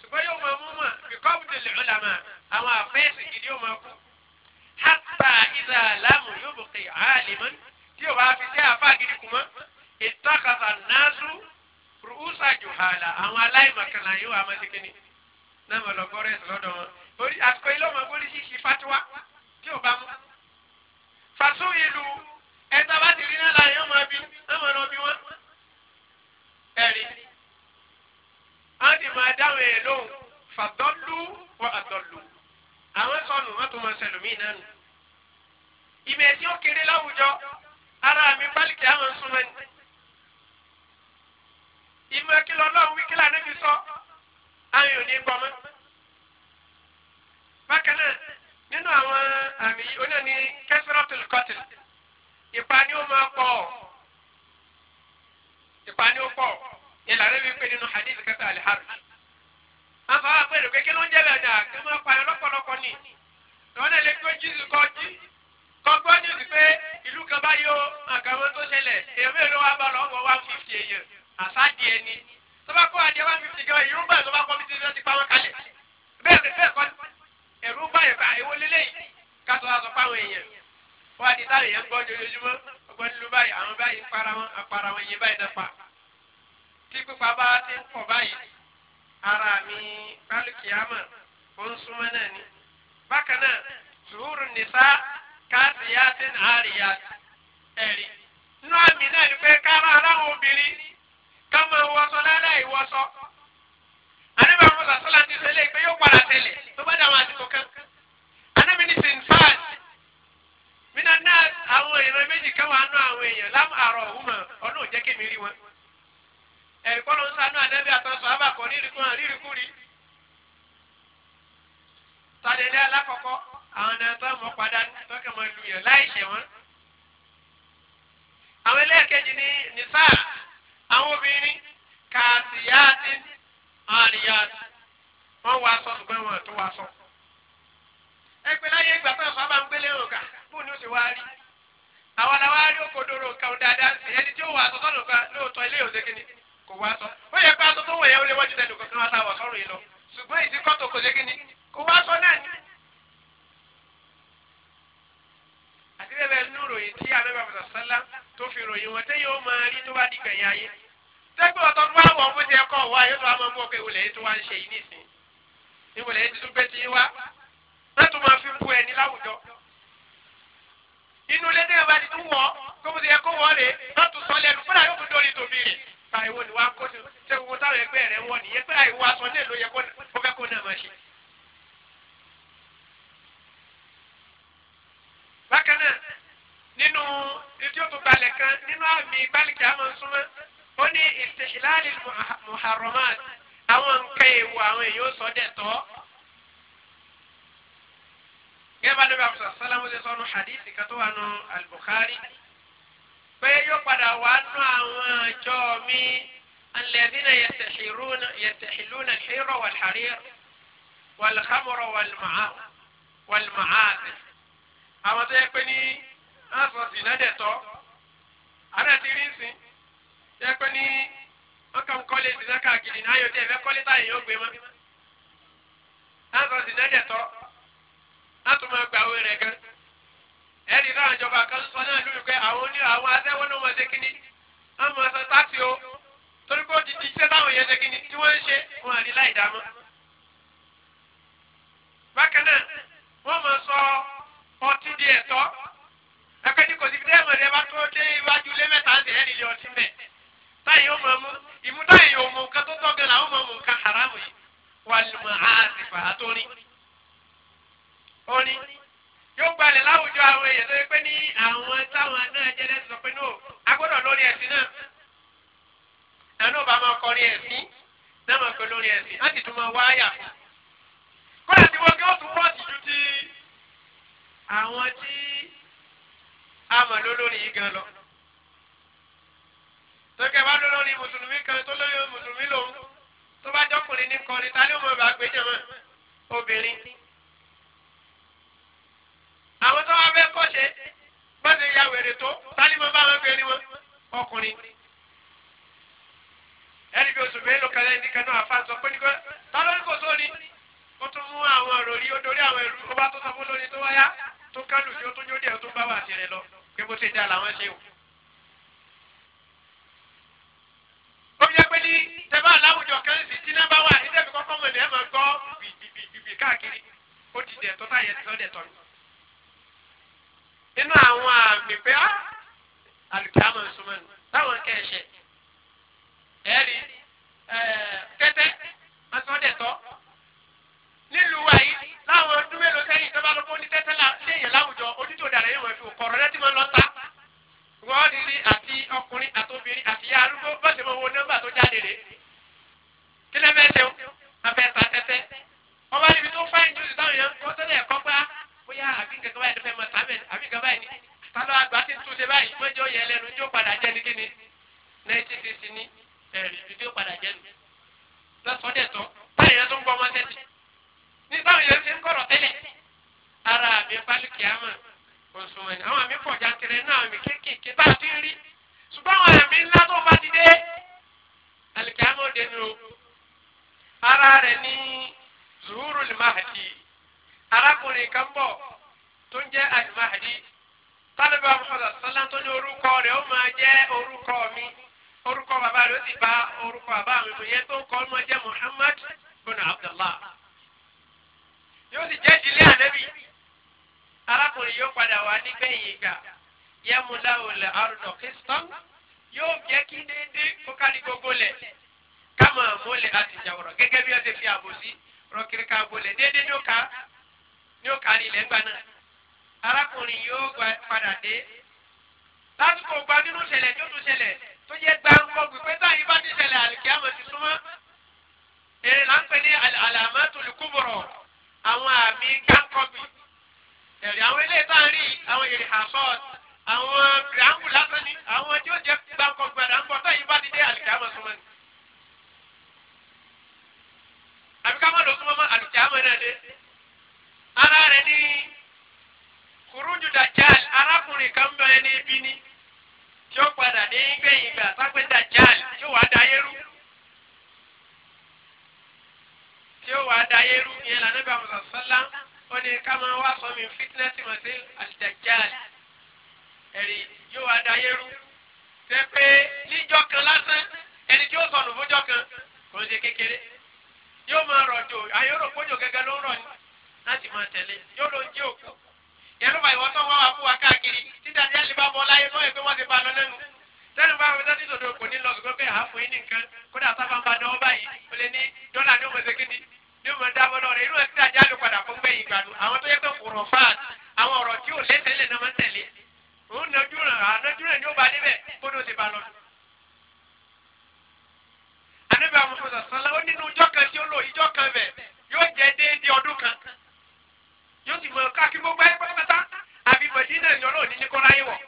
ṣùgbọ́n yóò máa mú mọ̀ bìkọ́ bìtòlẹ̀ ọ̀làmà àwọn àfẹ́sì gidi yóò máa kú hàtà ìdá àlámù yóò bọ̀ kì àlìmọ́ tí yóò bá fi jẹ́ àfa gidi kù mọ́ ìtàkàtà tí yóò bá mú pàṣẹ ìlú ẹ̀ta bá ti rí náà láàyè ọmọ ẹbí ọmọ ẹ̀rọ bí wọ́n. ẹ̀rí àwọn ti máa dáhùn ẹ̀ lóhùn fàdọ́lù wọ àdọ́lù àwọn sọnù wọn tó máa ṣẹlùmí náà nù. ìmọ̀ ẹ̀sìn ó kéré láwùjọ ara mi pálíkì àwọn súnmọ́ ni. ìmọ̀ kílọ̀ lọ́wọ́ wíkílà náà fi sọ àwọn ò ní gbọmọ. bákan náà nínú àwọn àmì onáni kẹsìrọ́tìlì kọ́tìlì ìpani ó máa pọ̀ ìpani ó pọ̀ ìlànà mi pé nínú hadith kẹta alihari wọn fọwọ́ pé èrò kékeré ló ń jẹ́ bẹ́ẹ̀ dà kí wọ́n pa ọlọ́pọ̀lọpọ̀ ni lọ́wọ́n náà lè gbé jíìsì kọ́ jí kọ́ gbọ́ ní ìsìn pé ìlú kan bá yọ àgàwọn tó ṣẹlẹ̀ èèyàn mélòó wa bá lọ́wọ́ wọ one fifty èèyàn àsáàdì ẹni tó bá kó adìẹ one fifty gan ìrúgbà tó bá kọ́ bí ti ti pa wọn kalẹ̀ bẹ́ẹ̀ bẹ́ẹ̀ kọ́ ẹ̀rú báyìí bá ewo lélẹ́yìn kátó wá sọ fáwọn èèyàn wọ́n á di táwọn èèyàn gbọ́ ojoojúmọ́ ọgbọ́n nílùú báyìí àwọn báyìí para wọn apara wọn yẹn báyìí náà pa tí pípa bá ti ń pọ̀ báyìí ara mi kálukìámà ó ń súnmọ́ náà ni bákan náà sùúrù nìsa káàtì yá ti ń àárí yá ẹ̀rí nínú àmì náà ni pé kára aláwọ̀ obìnrin ká máa wọṣọ láláì àdébà àwọn sàṣọlá ti tẹ̀lé pé yóò padà tẹ̀lé tó bá dàwọn àti kọ̀ọ̀kan àdébà ní sinfad mina náà àwọn èèyàn méjì káwọn àánú àwọn èèyàn lámù àrọ̀ ọ̀hún mọ̀ ọ̀nà òjẹ́ kémi rí wọn ẹ̀rí kọ́ ló ń sanú àdébà àtàwọn sọ̀rọ̀ àbàkọ́ rírikún ní àríyá wọn wá aṣọ ṣùgbọ́n wọn tó wá aṣọ. ẹgbẹ́ láyé ìgbà tó ọ̀sán bá ń gbélé òǹkà fún ní oṣù wa rí. àwọn làwa rí òkodoro nǹkan dáadáa ẹni tí ó wà aṣọ sọ́nù kan lóòótọ́ ilé òde kìíní kò wá aṣọ. ó yẹ pé aṣọ tó wọ̀ yẹn ó lé wọ́n ju tẹnu kò sáwọ̀ yìí lọ. ṣùgbọ́n kọ́tò kò kò wá náà ní. àti bẹ́ẹ̀ bẹ́ẹ̀ tí sẹ́gbẹ́ ọ̀tọ̀ tó bá wọ̀ ọ́n bó ti ẹ̀kọ́ wá yóò tó wá máa mú ọkọ̀ ìwòlẹ̀ yìí tó wá ń ṣe yìí nìsín ìwòlẹ̀ yìí tuntun pé ti wá mẹ́tò máa fi bu ẹni láwùjọ. inú ilé tẹ́lẹ̀ bá ti tún wọ̀ kó bó ti ẹ̀kọ́ rè mẹ́tò sọ lẹ́nu fúnra yóò tún dórí tòbí rè báyìí ni wá kó ṣe gbogbo táwọn ẹgbẹ́ rẹ̀ wọ̀ nìyẹn pé àìwọ aṣọ náà ló yẹ kó fẹ́ kó náà máa ṣe ó ní ìsìláàlì muharramat àwọn nǹkan èèwọ àwọn èèyàn sọ dẹ̀ tọ́ gẹ́gẹ́ bá níbi àmúṣà sálámù ṣe sọ́nu hadithi kan tó wà nù al-Bukhari pé yóò padà wà nù àwọn àjọ mi alẹ́dínà yẹtẹ̀hìlúnà hírọ̀ wàlhàrír wàlhàmùrọ̀ wàlmàáàzì àwọn tó yẹ pé ní wọ́n sọ náà dẹ̀ tọ́ àdàtí rí sìn sẹ́pẹ́ ní wọ́n kàn kọ́lé ìdílé káàkiri náà yóò dé ẹ̀fẹ́ kọ́lé táyà yóò gbé mọ́. láǹtọ̀ sì lẹ́dẹ̀ tọ́ láti máa gba owó rẹ̀ gan. ẹ̀rí náà ìjọba kan sọ náà lórí pé àwọn oní àwọn adẹ́wọ́n náà wọ́n ṣe kínní wọ́n mọ ọsàn táàtì o torí pé òjijì iṣẹ́ táwọn yẹn ṣe kínní tí wọ́n ń ṣe wọn àrí láì dá bákan náà wọ́n mọ sọ ọtí di ẹ̀tọ́ ẹ̀kẹ́ ní kò sí fi dẹ́ẹ̀mọ̀ rẹ bá tó dé iwájú lé mẹ́ta ń táyì ó máa mú ìmúdáyì yóò mú nǹkan tó tọ́ gẹ́la ó máa mú nǹkan haramu yìí wàlùmọ̀ àtìfà àtórí. orin yóò gbalẹ̀ láwùjọ àwọn èèyàn tó yẹ pé ní àwọn táwọn náà jẹ́ lẹ́sìn sọ pé náà agbọ́dọ̀ lórí ẹ̀sìn náà àná ò bá máa kọrin ẹ̀sìn náà máa pe lórí ẹ̀sìn láti tún máa wáyà fún. kódà tí wọ́n kí wọ́n tún pọ̀jù ju ti àwọn tí a mọ̀ lólórí yìí gan lọ sókè bá dúró lórí mùsùlùmí kan tó lórí mùsùlùmí lòun tó bá jọkùnrin ní kọrin ta ni ó mọ bá gbé jẹ mọ obìnrin. àwọn tó wá fẹ́ kọ́ṣe bá ṣe ya wèrè tó ta ni mo bá wọn gbé rí wọn ọkùnrin. ẹni bí oṣù mélòó kan lẹ́yìn nìkan náà àfa sọ pé nígbà ta ló ní kò sóri ó tún mú àwọn ọ̀rọ̀ rí ó dorí àwọn ẹ̀rú ó bá tó sọ fún lórí tó wáyá tó kálù tí ó tó jó díẹ̀ tó bá wà tirẹ̀ lọ pé bó ṣe dá làwọn ṣe o. pé ní tẹ́fà láwùjọ kan sí tí náà bá wà níta fi kọ́kọ́ mọ̀ ní ẹ̀mọ̀ gbọ́ bìbìbìbì káàkiri ó ti dẹ̀ tọ́ta yẹn tọ́ dẹ̀ tọ́ nínú àwọn àmì pé á alùpàmọ̀ sọmọ́nù táwọn kẹ́ẹ̀ṣẹ̀ ẹ̀rí kẹ́tẹ́ asọ́dẹ̀tọ́ nílùú wa yìí láwọn ọdún mélòó sẹ́yìn tó bá lọ́kọ́ ní tẹ́tẹ́ léèyàn láwùjọ onítòdàrẹ́ yẹn wọ́n fi kọ̀rọ̀ wọ́ọ̀rìrì àti ọkùnrin àtòbìnrin àti ìyá arúgbó bọ́sẹ̀ mọ owó nọ́mbà tó jáde rè kí lẹ́ fẹ́ ṣe abẹ́ ta tẹ́tẹ́ ọba níbi tó fáyìn jù táwọn èèyàn kọ́ tẹ́lẹ̀ ẹ̀kọ́ gbá ah, bóyá àbí nǹkan báyìí ló fẹ́ mọ sàmẹ́ àbí nǹkan báyìí ni tálọ́ àgbà ti tún ṣe báyìí mọ́jọ́ yẹ lẹ́nu tí ó padà jẹ́ ní kíni nineteen sixty ní ẹ̀rì ìlú tí ó padà jẹ́ nu lọ́sọ̀dẹ̀ tán táwọn èèyàn tó ń gbọ́ ọmọ tẹ́tẹ́ ní táwọn èèyàn ti ń kọ̀rọ̀ tẹ́lẹ̀ ara àmì pálíkì àmọ́ oṣùwọ̀n ni àwọn àmì pọ̀ jàǹtìrẹ náà àmì kéékèèké bá a ti ń rí ṣùgbọ́n àwọn àmì ńlá tó bá ti dé àlìkàmọ́ dẹnu o ara rẹ̀ ní zuhuru limahadi arákùnrin kan bọ̀ tó ń jẹ́ alimahadi tálíbà mọ́tò sọ́lá tó ní orúkọ rẹ̀ ó máa jẹ́ orúkọ mi orúkọ bàbá rẹ̀ ó sì bá orúkọ bàbá mi mo yẹ tó ń kọ́ ọ́ máa jẹ́ Muhammad bin Abdullah yóò sì jẹ́ ìdílé ànábì arákùnrin yóò padà wá nígbẹ̀yìn ìgbà yẹmúláwòlẹ àrùnà kristian yóò jẹ́ kí déédé kó kárí gbogbo lẹ̀ kámọ̀ mọ́lẹ̀ àtijàwọ̀rọ̀ gẹ́gẹ́ bí wọ́n ti fi àbò sí rọ́kìrìkà bolẹ̀ déédé ní ó ká ní ó kárí ilẹ̀ gbà náà arákùnrin yóò padà dé lásìkò gba nínú ìṣẹ̀lẹ̀ tó tún ṣẹlẹ̀ tó yẹ gbàǹkọ́ pípẹ́ táyì bá ti ṣẹlẹ̀ àlùkìyàmọ̀ ti súnmọ́ èrè là ń pè ní àlàmọ́tòlùkúbọ̀rọ̀ àwọn àmì kánkọ́bì ẹ̀rí àwọn ilé bá ń rí àwọn èrè àbọ̀t àwọn pìràmù lásán ni àwọn tí ó jẹ́ gbàǹkọ̀ gbàdá ń bọ̀ tó yìí bá ti dé àlìkàmọ̀ súnmọ́ ni. àbíkámọ́ ló súnmọ́ àlìkàmọ̀ náà dé. ara rẹ̀ ní kùrújù dàjáàlì arákùnrin kan bẹ́ẹ̀ ní ibi ni tí ó padà dé gbẹ̀yìn ìgbà sápẹ́ dàjáàlì tí ó wàá da ayérú. tí ó wàá da ayérú yẹn lànà bí àwọn sọ̀sọ́ lá ó kama wa máa wá sọ mi fitinẹsì mọ̀ sí àlìjàjáàlì ẹ̀rí yóò wá da yẹ́rú ṣe pé níjọ́ kan lásán ẹni tí ó sọnù fúnjọ́ kan kò ń ṣe kékeré yóò máa rọ̀jò àyọ̀rò kójò gẹ́gẹ́ ló ń rọ̀ láti máa tẹ̀lé yóò ló ń jẹ́ òkú yẹlọba ìwọ tó wá wá fún wa káàkiri títà díẹ̀ lè bá bọ́ láyé lọ́yẹ̀ pé wọ́n ti bá lọ lẹ́nu tẹ́lẹ̀ bá wọ́n tẹ́lẹ̀ dòdò kò ní lọ ṣùgbọ́n pé àáfọ̀ yín nìkan kódà sábà ń bá dánwó báyìí ó lé ní dọ́là ní òmùsẹ̀kìndì yóò máa dábọ́ lọ́rẹ̀ irú ẹ̀sìn ajá ló padà fún gbẹ̀yìn ìgbàdùn àwọn tó yẹ pé kò rọ̀ fáàt àwọn ọ̀rọ̀ tí ò lẹ́sẹ̀lẹ̀ náà máa ń tẹ̀lé òun nàjú rẹ̀ ànájú rẹ̀ ni ó bá débẹ̀ kó ló ti bá lọ. ànábì àwọn ọmọ sọ̀sán ó nínú ijọ́ kan tí ó lò ijọ́ kan bẹ̀ yóò jẹ́ déédéé ọdún kan yóò sì mọ káàkiri gbogbo ẹ̀ pátá àbí mọ̀dínà ìjọ́ náà ò ní ní kọ́ra yín wọ̀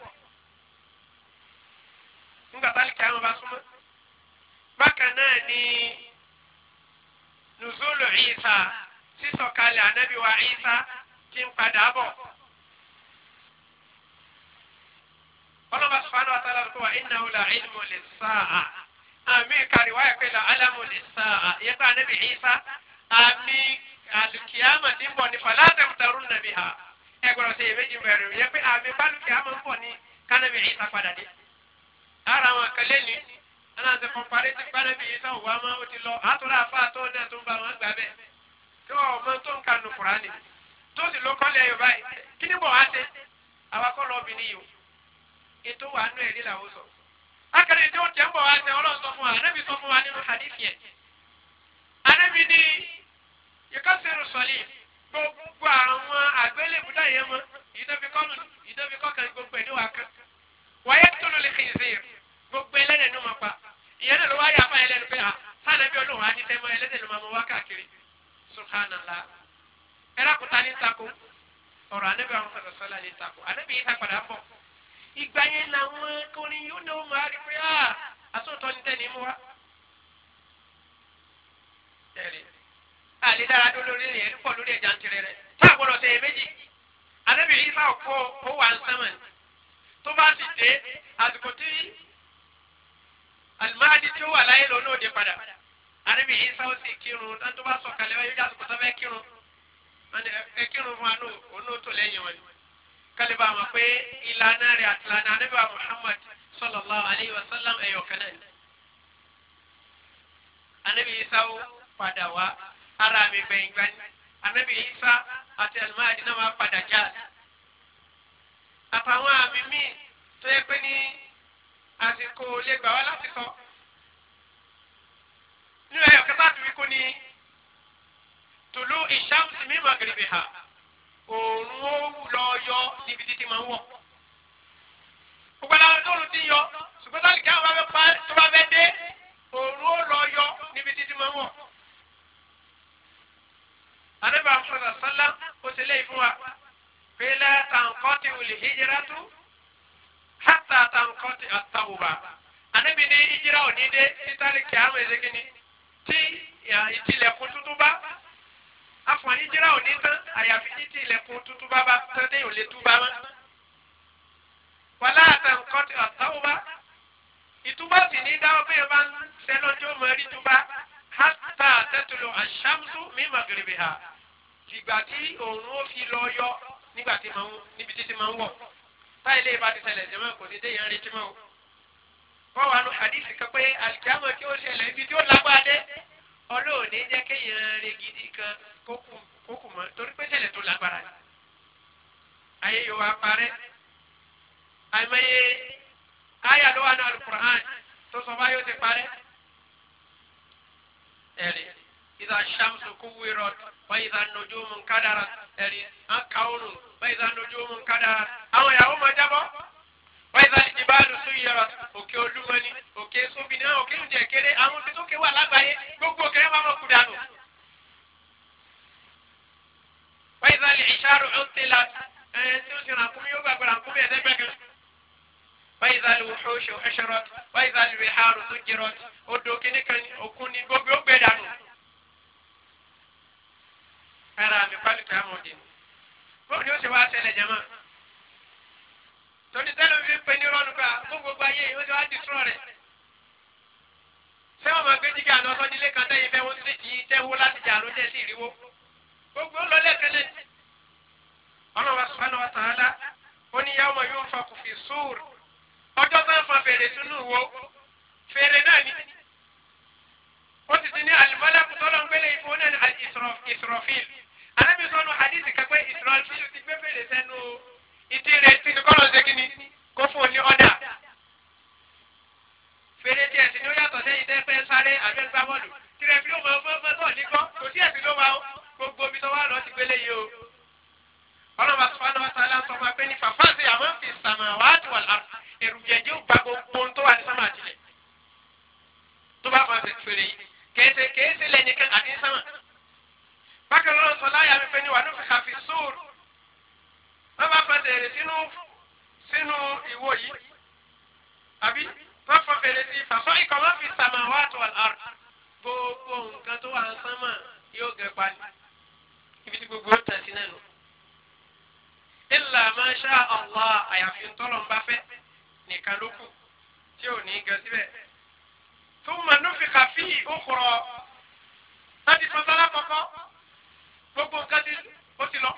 nùzúlù ìsà sísọ̀kalẹ̀ ànábì wa ìsà ti ń padà bọ̀. ọlọ́ba sùpánù àtàlà kó wa iná wùlà ìlmù lè sáà àmì kàríwá ẹ̀pẹ́ là álámù lè sáà yẹ kó ànábì ìsà àmì alùkìyàmà ti ń bọ̀ ní fàlàtà mùtàrún nàbì ha ẹgbẹ̀rún sí èméjì bẹ̀rẹ̀ yẹ pé àmì bálùkìyàmà ń bọ̀ ní kánábì padà dé. ara wọn kẹlẹ́ ni aláǹtẹ̀ kan parí ti gbálẹ̀ bí yìí tán òwò àmọ́ ó ti lọ àtúrà àfa àtọ́ náà tó ń bá wọn gbà bẹ́ẹ̀ kí wọ́n ọmọ tó ń ka nù Kùránì tó sì ló kọ́lé Yorùbá yìí kí ni bọ̀ wá ṣe àwa kọ́ lọ obìnrin yìí o ètò wà nù ẹ̀rí làwọn sọ. akẹ́rẹ́ tí ó tẹ̀ ń bọ̀ wá ṣe Ọlọ́run sọ fún wa anábì sọ fún wa nínú hadith yẹn anábì ní yíkọ́sẹ̀rù sọ̀lì gbogbo àwọn àgbélébùdá yẹn mọ́ ìdọ́bikọ́ kàn gbogbo ẹ̀ níwàá kan wáyé tó ló lè kì í sí gbogbo ẹlẹ́dẹ̀ ni ó máa pa ìyẹn náà ló wá yà fáyẹ lẹ́nu pé à ah, sáànà bí ọlọ́run á ní tẹ́ mọ́ ẹlẹ́dẹ̀ ló máa mọ wá káàkiri subhanallah ẹ̀rákùtà ní tako ọ̀rọ̀ anábì àwọn sọ̀rọ̀ sọ́lá ní tako anábì yìí sàpàdà ń bọ̀ ìgbà yẹn làwọn akọrin yóò náwó máa rí pé à àtúntò ní tẹ́ ní mú wa. àlédára dó lórí rẹ̀ ẹ̀rí lórí ẹ̀já ń rẹ̀ tá a gbọ́dọ̀ méjì anábì yìí fà ọkọ ó wà ń sẹ́mọ̀ tó bá ti dé àsìkò alimadi tí ó wà láyé lónà òde padà àrẹ́bí isa ó sì kírun tó bá sọ kalẹ̀ wáyé ojú àsopọ̀ sábẹ́ kírun ẹ kírun fún anú ònú tó lẹ́yìn wọn kálí bá wọn pé ìlànà rẹ̀ àti ìlànà àrẹ́bí wa Muhammad sallallahu alayhi wa sallam ẹ̀yọ̀ kan náà àrẹ́bí isa ó padà wá ara mi gbẹ̀yìn gbani isa àti alimadi náà wá padà jáde àtàwọn àmì míì tó yẹ pé ní àsìkò lè gbà wá láti kọ́ nínú ẹ̀yọ̀ kẹta tó wí kú ni tùlú ìṣàmùsì min maghribiha òòrùn ó lọ yọ níbi títí máa ń wọ̀ gbogbo àwọn tó lù ti yọ ṣùgbọ́n láti kí àwọn tó bá fẹ́ dé òòrùn ó lọ yọ níbi títí máa ń wọ̀ anábàá fúnra sálá ó ṣe léyìí fún wa pé látàǹkọ́ ti wùlì hijratu hata tankọti atawuba anabi ni ìjira òní dé titali kìámù ezekini ti ìtìlẹ̀kùn tutuba afọ̀n ìjira òní tán àyàfi títí ìlẹ̀kùn tutuba bá tán dé òlé tuba mọ́ wàlá tankọti atawuba ìtuba sì ní dáwọ́ bẹ́ẹ̀ bá ń sẹ́lọ́jọ́ mọ́rí tuba hata tẹ́tulù aṣámsú mi magrebiha tìgbà tí òun ó fi lọ yọ nígbà tí màá níbi títí màá ń táyì lè bá ti ṣẹlẹ̀ jẹ́ mọ́ kò ní dé yẹn retí mọ́ o. wọ́n wà nù hadithi kan pé àlìjámọ̀ tí ó ṣẹlẹ̀ ibi tí ó lágbáde ọlọ́run ní jẹ́ kéèyàn re gidi kan kó kù mọ́ torí pé ṣẹlẹ̀ tó lágbára ni. ayé yóò wá parẹ́ àìmọye ayé àlọ́ wà nù alukur'an tó sọ fún ayé ó ti parẹ́. ẹ̀rí ìdá sàmùsùn kúwìrọ̀ wọ́n ìdá nojú mú kádàrà ẹ̀rí àkàwọ̀nù báyìí lójú omi nkádà àwọn ìyàwó máa jábọ́ báyìí ìbáàlù sún yẹra òkè olúmọni òkè sóbìnrin náà òkè oúnjẹ kéré àwọn ibi tó ké wà lágbàáyé gbogbo òkè náà máa kú dànù. báyìí ìṣàrò ọ̀tẹ̀lá ẹ̀ tí ó ti ràn kúmi yóò gbàgbọ́ ràn kúmi ẹ̀ẹ́dẹ́gbẹ̀gẹ̀. وإذا الوحوش حشرت وإذا البحار سجرت odò kìíní kan òkun ni gbogbo ó gbẹ ara mi pálí tó yà bóun ni ó ṣe wá ṣẹlẹ̀ jẹ́mọ́ torí tẹ́lẹ̀ mi fi ń pe ní rọ́ọ̀nù pa fún gbogbo ayé ó ti wá di sùrọ̀ rẹ̀ ṣé wọn máa gbé jíga àná ọsọ nílé kan tẹ́yìn fẹ́ wọ́n ti jì í láti jà ló jẹ́ sí ìrìwó gbogbo ó lọ lẹ́kẹ̀lẹ́ ọlọ́wà sùpánà wa tààlà ó ní yàwó ma yóò fa kò sùúr ọjọ́ tó fa fèrè sínú wo fèrè náà ni ó ti ti ní alimọ́lá kùtọ́lọ́ ń gbélé ìfowó náà ní sọ́nù hadith kẹ́pẹ́ ìsirọ́ọ̀tì ti gbé bèrè sẹ́nu ìdí rẹ̀ tí kọ́lọ̀ ṣe kí ni kó fún un ní ọ̀dà. fèrè tiẹ̀ sí ni ó yàtọ̀ sẹ́yìn tẹ́ fẹ́ sáré àbẹ́ gbá bọ́ọ̀lù tirẹ̀ fi ló máa fọ́ fọ́ tọ̀ ní kọ́ kò sí ẹ̀sìn ló máa gbogbo omi tó wà lọ ti gbélé yìí o. ọlọ́mà sọ́nù wa sálá sọ ma pé ní fàfáàsì àmọ́ fi sàmà wà á ti wà lá èrùjẹ̀jẹ̀ gba gbogbo ohun tó wà ní sámà àtìlẹ̀ tó bá fọ́n fèrè yìí kèése kèése lẹ́nìkan àti sámà bákan náà sọ láyà mi pé ní wàá nùfẹ́ kàfi sóòrù wọ́n bá fẹ́ tèrè sínú sínú ìwọ yìí àbí wọ́n fọ fèrè sí fàṣọ ikọ̀ wọ́n fi sàmà wá tó àlàr gbogbo nǹkan tó wà ń sánmà yóò gẹ pali ibi tí gbogbo ó tẹ̀ náà nù. illa ma sha Allah àyàfi ńtọ́lọ̀ ń bá fẹ́ nìkan ló kù tí ò ní gẹ síbẹ̀. thumma nufikha fi ukhra láti sọ́sọ́lá kọ́kọ́ gbogbo nǹkan ti ó ti lọ.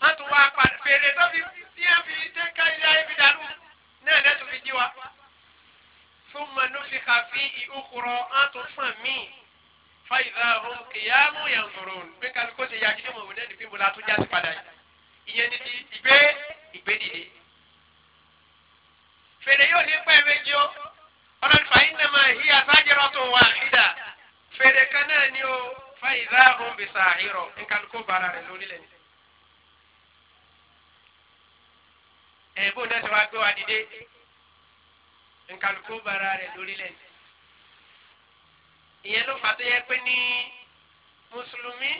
wọ́n tún wá padà fèrè tó fi tí a fi dé káyọ̀ ayé fi dànù náà lẹ́tọ̀ fi jí wa. fún manúfi kàfi ìhókòrò á tún fún mi fàyìlà òun kìyàmù yàn sọ̀rọ̀ pé kálukó ti yàgì ní mọ̀mọ́dé ní fíìmù látún jáde padà yìí. ìyẹn ni ti ìgbé ìgbé dìde. fèrè yóò ní pẹ́ méjì ó ọlọ́dún fàyín náà máa hí àtàjẹ́rọ́ tó wà ìdá fèrè kan náà ni ó fàyíṣà òun bì sàhírọ̀ nǹkan kó bara rẹ̀ lórílẹ̀. ẹ̀bùn náà ṣe wá gbé wa dìde nǹkan kó bara rẹ̀ lórílẹ̀. ìyẹn ló fà tó yẹ pé ní mùsùlùmí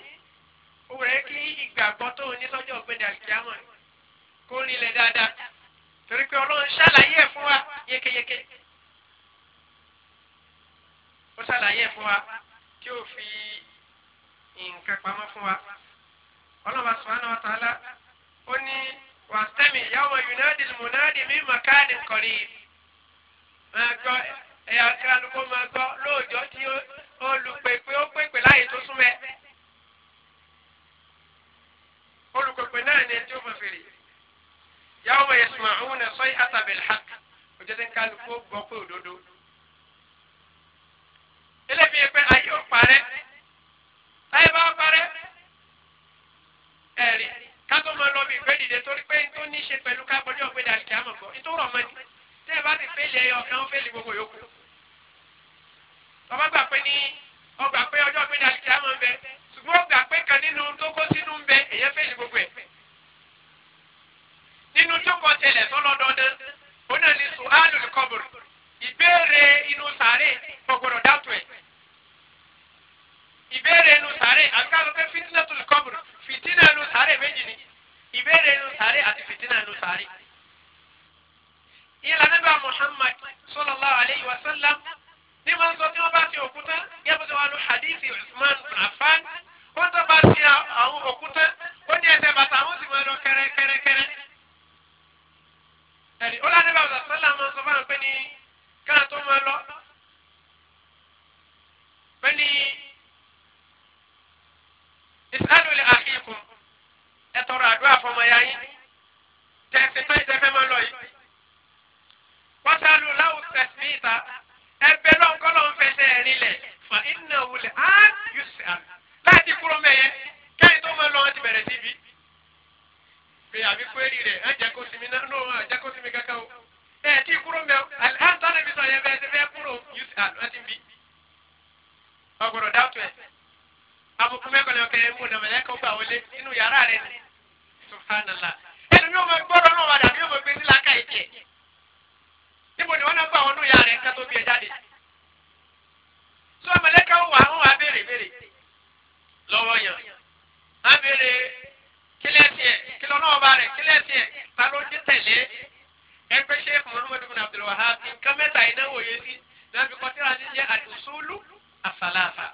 ó rẹ̀ kí ìgbàgbọ́ tó ní lọ́jọ́ ọ̀gbẹ́ni àlùkìyàmọ̀ kó rinlẹ̀ dáadáa torí pé ọlọ́run ṣàlàyé ẹ̀ fún wa yékéyéké ó ṣàlàyé ẹ̀ fún wa tí ó fi nǹkan pamọ́ fún wa ọlọ́ba subhanahu wa ta'ala ó ní wàstẹ́mi yawma yunadi munadi min makanin qarib máa gbọ́ ẹ̀yà kálukó máa gbọ́ lóòjọ́ tí olùpèpè ó pèpè láàyè tó súnmẹ́ olùpèpè náà ni ẹjọ́ fún fèrè yawma yasma'una sayhata bil haqq òjò tí kálukó gbọ́ pé òdodo. ilé fi yẹ pé ayé ó parẹ́ táyé bá parẹ́ ẹ̀rí kátó máa lọ bí ìgbé dìde torí pé tó ní í ṣe pẹ̀lú káàbọ̀ ní ọ̀gbẹ́dà àti àmọ̀ bọ̀ nítorí ọ̀rọ̀ mọ́ni tẹ́ ẹ bá ti fẹ́ lẹ́yọ ọ̀kan ó fẹ́ lè gbogbo yòókù. ọba gbà pé ní ọgbà pé ọjọ́ ọ̀gbẹ́dà àti àmọ̀ ń bẹ ṣùgbọ́n ọgbà pé kan nínú tó kó sínú ń bẹ èyàn fẹ́ lè gbogbo ẹ̀. nínú tó kọ tẹlẹ̀ sọlọ́dọọdún ó náà ní sùn áàlù ìbéèrè inú sàárè ọgbọ̀dọ̀ dátù ẹ̀ ìbéèrè inú sàárè àbíkálù pé fitinà tó lè kọ́bùrù fitinà inú sàárè méjì ni ìbéèrè inú sàárè àti fitinà inú sàárè. ìlànà bá Muhammad sallallahu alayhi wa sallam ní wọ́n sọ tí wọ́n bá ti òkúta gẹ́gẹ́ bí wọ́n lu hadith Usman bin Affan wọ́n tó bá ti àwọn òkúta ó ní ẹsẹ̀ bàtà àwọn sì máa lọ kẹ́rẹ́kẹ́rẹ́kẹ́rẹ́. ẹ̀rí ó lánàá bá sọ́lá máa sọ fáwọn pé ní káà máa lọ pé ní ìsàlù lè àkíkù ẹ tọrọ àdúrà fọmọ ya yín tẹ̀sí tó ìtẹ́fẹ́ máa lọ yìí. pọ́sálù láwù tẹ̀sí ìta ẹbẹ lọ́n kọ́ lọ́n fẹsẹ̀ rinlẹ̀ fà iná wulẹ̀ á yù sí à láti kúrò mẹ́yẹ kẹ́yìn tó máa lọ wọn ti bẹ̀rẹ̀ sí bí. pé àbí kwérì rẹ̀ ẹ jẹ́ kó sinmi náà náà ẹ jẹ́ kó sinmi kankan o ẹ ti kúrò mẹ́ àtàlẹ́bí sọ yẹ bẹ́ẹ̀ ti fẹ́ kúrò yù sí à ti bí. ọgbọ̀dọ̀ dáàtú ẹ̀ àbùkù mẹ́kànlá ọ̀kẹ́ mú ọ̀nà mẹ́lẹ́kọ̀ gbà wọlé nínú yàrá rẹ̀ ni subhanallah ẹnu ní ọmọ gbọ́dọ̀ náà wàdà ní ọmọ gbé sí làákà ìjẹ́ níbo ni wọ́n náà gbà wọn nú yàrá rẹ̀ ká tó bí ẹ jáde sọ mẹ́lẹ́kọ̀ wà ń wà béèrè béèrè lọ́wọ́ yàn á béèrè kílẹ̀ tiẹ̀ kílọ̀ náà bá rẹ̀ kílẹ̀ tiẹ̀ ta ló ti tẹ̀lé ẹgbẹ́ sheikh muhammadu bin abdulwahab nǹkan mẹ́ta ìnáwó yẹn sí lọ́ọ́ fi kọ́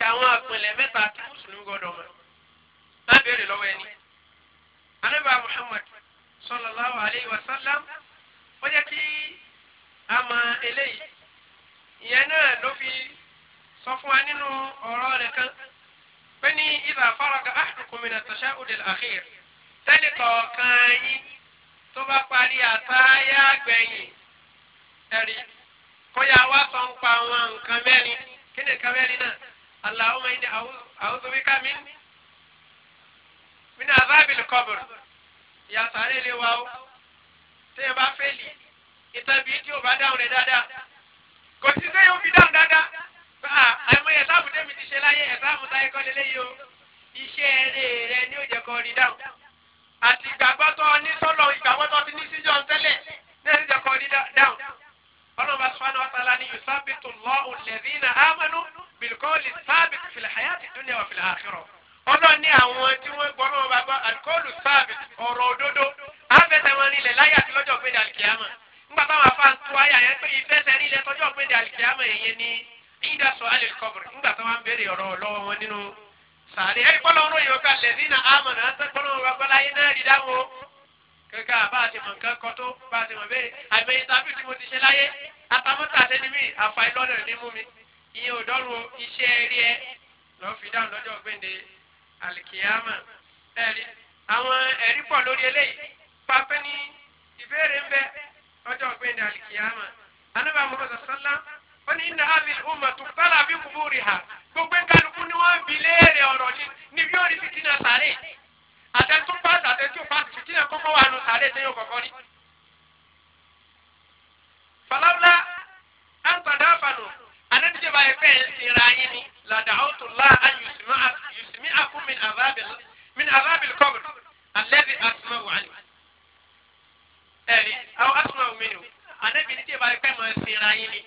tàwọn àpilẹ̀ mẹ́ta tí mùsùlùmí gbọ́dọ̀ mọ̀ lábẹ́rẹ̀ lọ́wọ́ ẹni. anábà Muhammad sallallahu alayhi wa sallam ó jẹ́ kí a mọ eléyìí ìyẹn náà ló fi sọ fún wa nínú ọ̀rọ̀ rẹ̀ kan pé ní idha faraga ahadukum min at-tashahhud al-akhir tẹ́lẹ̀ kọ̀ọ̀kan yín tó bá parí àtàyà gbẹ̀yìn ẹ̀rí kó yà wá sọ ń pa àwọn nǹkan mẹ́rin kí ni mẹ́rin náà. اللهم إني أعوذ بك من من عذاب القبر يا ساري لي واو تي با فيلي ìtàbí tí ò bá dáhùn rẹ̀ dáadáa kò sí sẹ́yìn ó fi dáhùn dáadáa báà àìmọ̀ ẹ̀sáàmù tẹ́mi ti ṣe láyé ẹ̀sáàmù táyé e kọ́ lélẹ́yìí o iṣẹ́ eré rẹ ní òjẹ́ kọ́ rí dáhùn àti ìgbàgbọ́ tó ní sọ́lọ ìgbàgbọ́ tó ti ní síjọ́ ń tẹ́lẹ̀ ní ẹ̀sìn jẹ́ kọ́ rí dáhùn ọlọ́ba sọ́nà ọ̀tàlá ni yusabitu Allahu alladhina amanu bilqawli sábìtì fil hayati dunya wa fil akhirah ọlọ́run ní àwọn tí wọ́n gbọ́ lọ́wọ́ bàbá alikọ́ọ̀lù sábìtì ọ̀rọ̀ òdodo àfẹsẹ̀ wọn nílẹ̀ láyé àti lọ́jọ́ pé di ńgbà táwọn afáàn tó ayé àyẹ́ pé ìfẹsẹ̀ nílẹ̀ tọ́jọ́ pé di kankan bá a ti mọ̀ nǹkan kan tó bá a ti mọ̀ bẹ́ẹ̀ àìmọ̀ ìtàbí tí mo ti ṣe láyé atamọ́tà àtẹni mi àfàì lọ́dọ̀ ní mú mi ìyẹn ò dọ́rùn iṣẹ́ rí ẹ lọ́ọ́ fi dáhùn lọ́jọ́ gbẹ̀ǹde alikiyama ẹ̀rí àwọn ẹ̀rí pọ̀ lórí eléyìí pápẹ́ ní ìbéèrè ń bẹ lọ́jọ́ gbẹ̀ǹde alikiyama anábà mọ́tò sọ́lá ó ní iná àbí ọmọ tó kálá bí kúbúrì hà gbogbo ẹ̀ka lukú ni wọ́n bi léèrè ọ̀rọ̀ níbi yóò rí fitinà sáré àtẹ̀tún pàṣẹ àtẹ̀tún pàṣẹ fìtí yẹn kọ́kọ́ wà nù sàlẹ̀ tẹ́ yóò kọ́kọ́ rí. falawla an tadafanu anadije báyìí pé ìra yín ni ladàáwùtò lá an yùsùmí àkún min azabil qabr alẹ́bi asuma wà ní. ẹ̀rí àwọn asuma wù mí o anadije báyìí pé mọ̀ ẹ̀sìn ìra yín ni.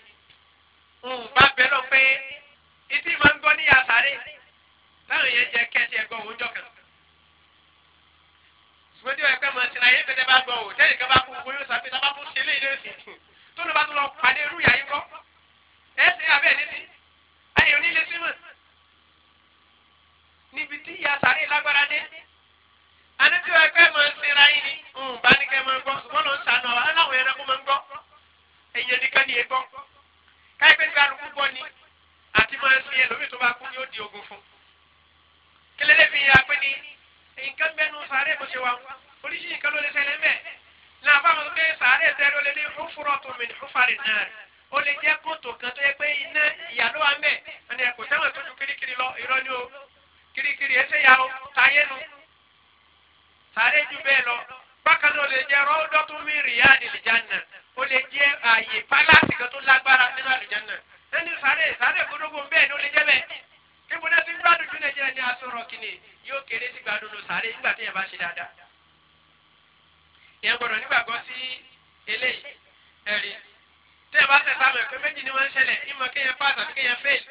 ń bá bẹ́ẹ̀ lọ pé ìdí máa ń gbọ́ níyà sáré láwọn yẹn jẹ́ kẹ́ẹ̀tì ẹ̀gbọ́n òun jọ kan ṣùgbọ́n tí wọ́n ẹgbẹ́ máa ṣẹlẹ̀ ayé tẹ́tẹ́ bá gbọ́ ò tẹ́lẹ̀ kan bá kú gbogbo sàbí tábà fún ṣẹlẹ̀ ilé òsì tó ló bá tó lọ pàdé irú yà yín kọ́ ẹ níbi ayé onílé símọ̀ níbi tí ìyá sàárè lágbára dé àní tí wọ́n ẹgbẹ́ ayé ni bá ní kẹ́ máa gbọ́ ṣùgbọ́n ló ń sànù àwọn aláwọ̀ yẹn kó máa gbọ́ ẹ̀yẹ nìkan ni ègbọ́ káyipẹ́ tí alùpùpù gbọ́ ni àti máa ṣe ẹlòmíì tó bá kú ni ó di ogun fún kílélẹ́ fi nǹkan mẹ́nu sàárẹ̀ bó ṣe wà oríṣi nǹkan ló lè ṣẹlẹ̀ mẹ́ náà fáwọn pé sàárẹ̀ tẹ́lẹ̀ ó lè ní fúfurọ̀ tó mi fúfarì náà ó lè jẹ́ kóòtò kan tó yẹ pé iná ìyà ló wà mẹ́ ẹni kò sẹ́wọ̀n tó ju kirikiri lọ irọ́ ni o kirikiri ẹsẹ̀ ya o táyé nu sàárẹ̀ ju bẹ́ẹ̀ lọ bákan náà ó lè jẹ́ rọ́ọ̀dọ́tún mi rìyá àdìlìjánà ó lè jẹ́ àyè pálásì níbo náà ti gbádùn ju nàìjíríà ní asọ̀rọ̀ kìíní yóò kéré sí gbádùn ló sáré nígbà tí yẹn bá ṣe dáadáa. ìyẹn gbọ́dọ̀ nígbàgbọ́ sí eléyìí ẹ̀rí tí yẹn bá tẹ̀ sáàmù ẹ̀kọ́ méjì ni wọ́n ń ṣẹlẹ̀ ìmọ̀ kéèyàn pass àti kéèyàn fail.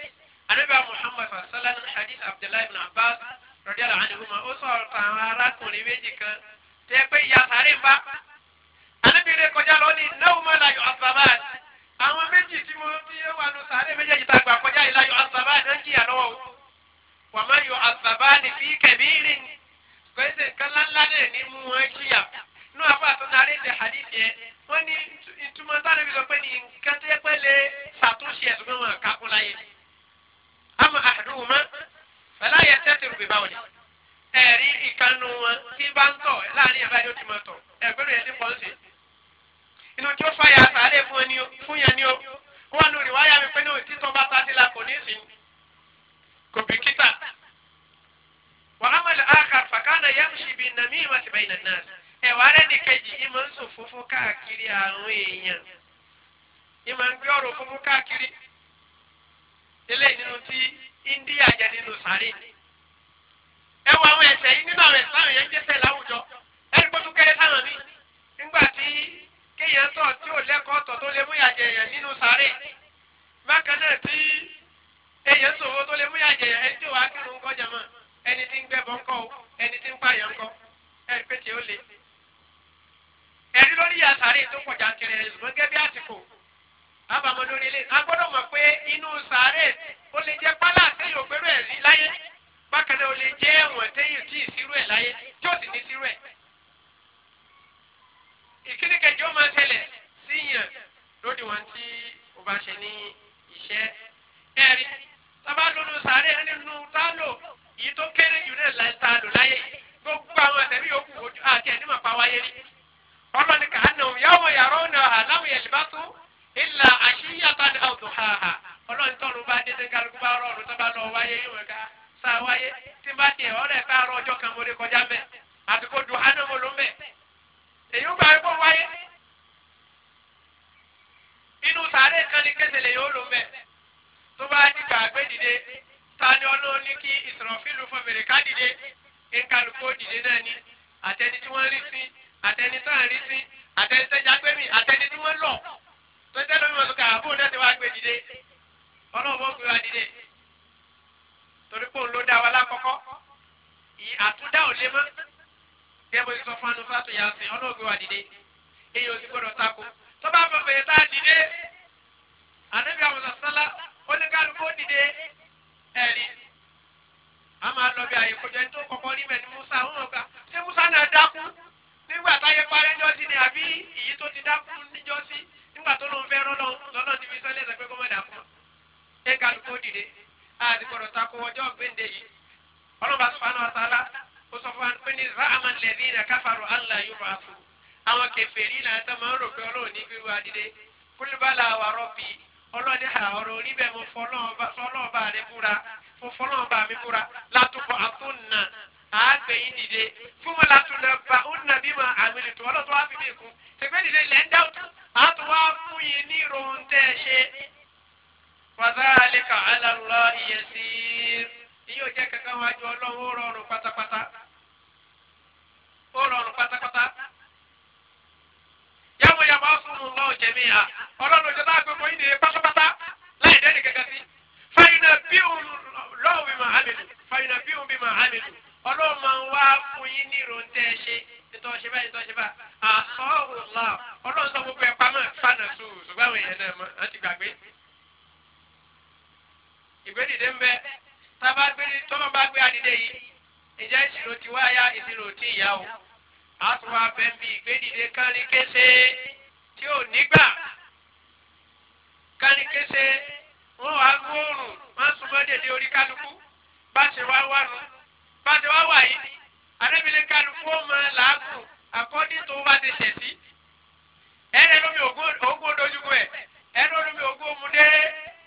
anábíà muhammad sallallahu alayhi hadith abdullahi ibn abbas radiyallahu anhuma ó sọ̀rọ̀ àwọn arákùnrin méjì kan tẹ́ pé ìyá sáré ń bá anábìrẹ́ kọjá lọ ní náwó mọ́lá yóò àwọn méjì tí mo ti yẹ wà ló sàárẹ̀ méjèèjì tá a gbà kọjá yìí láyọ̀ àzàbá náà jìyà lọ́wọ́ o wà má yọ àzàbá ní fi kẹ̀míìrì gbèsè nǹkan ńláńlá náà ní mú wọn jìyà nínú àbá àtúndarí ti hadith yẹn wọ́n ní ìtumọ̀ sáré mi sọ pé ní nǹkan tó yẹ pé lè ṣàtúnṣe ẹ̀sùn mọ́ wọn kákún láyé àmọ́ àdúgbò mọ́ fẹlẹ ayẹ tẹsí rúbi báwọn ni ẹ̀rí ìkànnù wọn tí bá ń tọ̀ láàrin ìbáyọ ti máa tọ̀ ẹgbẹ̀rún yẹn ti pọ̀ ń sè é. inú tí ó fàyà àtàlẹ́ fún yẹn ni o wọ́n nu rìwáyà mi pé ní òtítọ́ bá sáté la kò ní sí kò wà á mọ̀lẹ́ àkàr fàkànà yamshi bin namimati bayna nas ẹ̀wà rẹ̀ ní kejì ìmọ̀ ń sùn fúnfún káàkiri àwọn èèyàn ìmọ̀ ń gbé ọ̀rọ̀ fúnfún káàkiri nínú India jẹ nínú sáré ẹ àwọn ẹsẹ yìí nínú àwọn àwọn kéèyàn tọ̀ tí ò lẹ́kọ̀ọ́ tọ̀ tó lè mú ìyàjẹ̀ yẹn nínú sáré bákan náà tí èèyàn ṣòwò tó lè mú ìyàjẹ̀ yẹn ẹni tí ò wá kírun ńkọ́ jẹ̀mọ́ ẹni tí ń gbẹ̀bọ̀ ńkọ́ o ẹni tí ń pààyàn ńkọ́ ẹni pé tí ó le. ẹ̀rí lórí ìyá sáré tó pọ̀ jàǹtìrẹ̀ ṣùgbọ́n gẹ́gẹ́ bí àsìkò àbámọ́ lórí ilé a gbọ́dọ̀ mọ̀ pé inú sáré ó lè jẹ́ pálá àtẹ́yìn òpérò ẹ̀rí láyé bákan náà ó lè jẹ́ ìkíni kẹjọ máa ṣẹlẹ̀ síyàn lóde wọn tí o bá ṣe ní iṣẹ́ ẹ̀rí sábà lónú sàárẹ̀ nínú tálò yìí tó kéré jù náà láì tálò láyé gbogbo àwọn àtẹ̀mí yòókù ojú àti ẹni máa pa wáyé rí ọlọ́ni kà á nà ó yàwọ̀ yàrá ọ̀nà àláwọ̀ yẹn bá tó ìlà àṣíyàtà ní àwùjọ ha ha ọlọ́ni tọ́nu bá dé kálukú bá rọrùn tó bá lọ wáyé yìí wọn ká sá wáyé tí bá tiẹ̀ ọ̀rẹ́ ká rọ ọjọ́ kan mo lè kọjá bẹ́ẹ̀ àti du hánà mẹ́ẹ̀ èyí ó gbà wípé ó wáyé inú sàárè kan ní kẹsẹlẹ yóò lò mẹ tó bá dìgbà gbẹdìde tani ọlọ́run ní kí ìsọ̀rọ̀fílù fún mèrè ká dìde nkálukú dìde náà ni àtẹni tí wọ́n rí sí àtẹni tó ń rí sí àtẹni tó jágbé mi àtẹni tí wọ́n lọ tọ́jà lómi wọn lóka àbúrò náà ti wá gbé dìde ọlọ́run bó gbé wa dìde torí pé òun ló dá wa lákọ́kọ́ àtúndá ò lé mọ́ kẹ́bọ̀ ìsọ fún anú sátò yà sìn ọlọ́ọ̀gbẹ́ wa dìde èyí o sì gbọ́dọ̀ tako tó bá fọ bẹ̀rẹ̀ tá a dìde ànábì àwọn sàlá oníkálukú dìde ẹ̀rí a máa lọ bí àyè kọjá tó kọ́kọ́ rí mẹ́ni Musa ń wọ̀n ká ṣé Musa náà dákú nígbà táyé parẹ́ jọ́sí ni àbí èyí tó ti dákú níjọ́sí nígbà tó lóun fẹ́ rọ́lọ́ lọ́nà níbi sọ́lẹ̀ ẹ̀sẹ̀ pé kó má dákú ẹ̀ kálukú dìde àti gbọ́dọ̀ tako ọjọ́ gbéǹde yìí ọlọ́ba sùpánù àtàlá ó sọ fún wa pé ní záàmán lẹ́bí ìdá káfàrọ̀ allah yóò máa fún àwọn kẹfẹ́rí náà tó máa ń rò pé ọlọ́run ní gbéru adìde kúlíbàlà wà rọ́bì ọlọ́ni àwọ̀rọ̀ oníbẹ̀ mo fọlọ́ọ̀bà rẹ búra mo fọlọ́ọ̀bà mi búra látúbọ̀ àtúnà àgbẹ̀yìn dìde fún mi látúnà bá ọ̀nà bí mà àmìlìtò ọlọ́tọ́ wá fi mí kú tẹ̀gbẹ́ dìde lẹ́ ń wá fún yín ní ìròhùn tẹ́ ẹ ṣe. wàzálẹ̀ kà á lálọ́ ìyẹ̀sí ó pátápátá. yàmú yàmú asúnmù lọ́wọ́ jẹ̀mí à ọlọ́run ọjọ́ tá a gbé mọ́yìn nìyẹn pátápátá láì dẹ́ni kẹ̀kẹ́ sí. fàyínà bí òun bí mà ámìlú fàyínà bí òun bí mà ámìlú ọlọ́run máa ń wá fún yín ní ìròǹtẹ́ ṣe ìtọ́ṣe báyìí ìtọ́ṣe báyìí àsọ̀rọ̀ là ọlọ́run sọ gbogbo fànà ìjẹ́ ìṣirò ti wáyà ìṣirò ti ìyá o a tún wá bẹ́ẹ̀ bí ìgbédìde kárí kése tí ò nígbà kárí kése wọn wá gbóòórùn wọn súnmọ́ dèdè orí kálukú bá ṣe wá wà nù bá ṣe wá wà yìí àdébìlẹ̀ kálukú ó mọ làágùn àkọ́dí tó bá ti ṣẹ̀ sí ẹ̀rẹ́ lómi ògùn dojúkọ ẹ̀ ẹ̀rẹ́ lómi ògùn omudé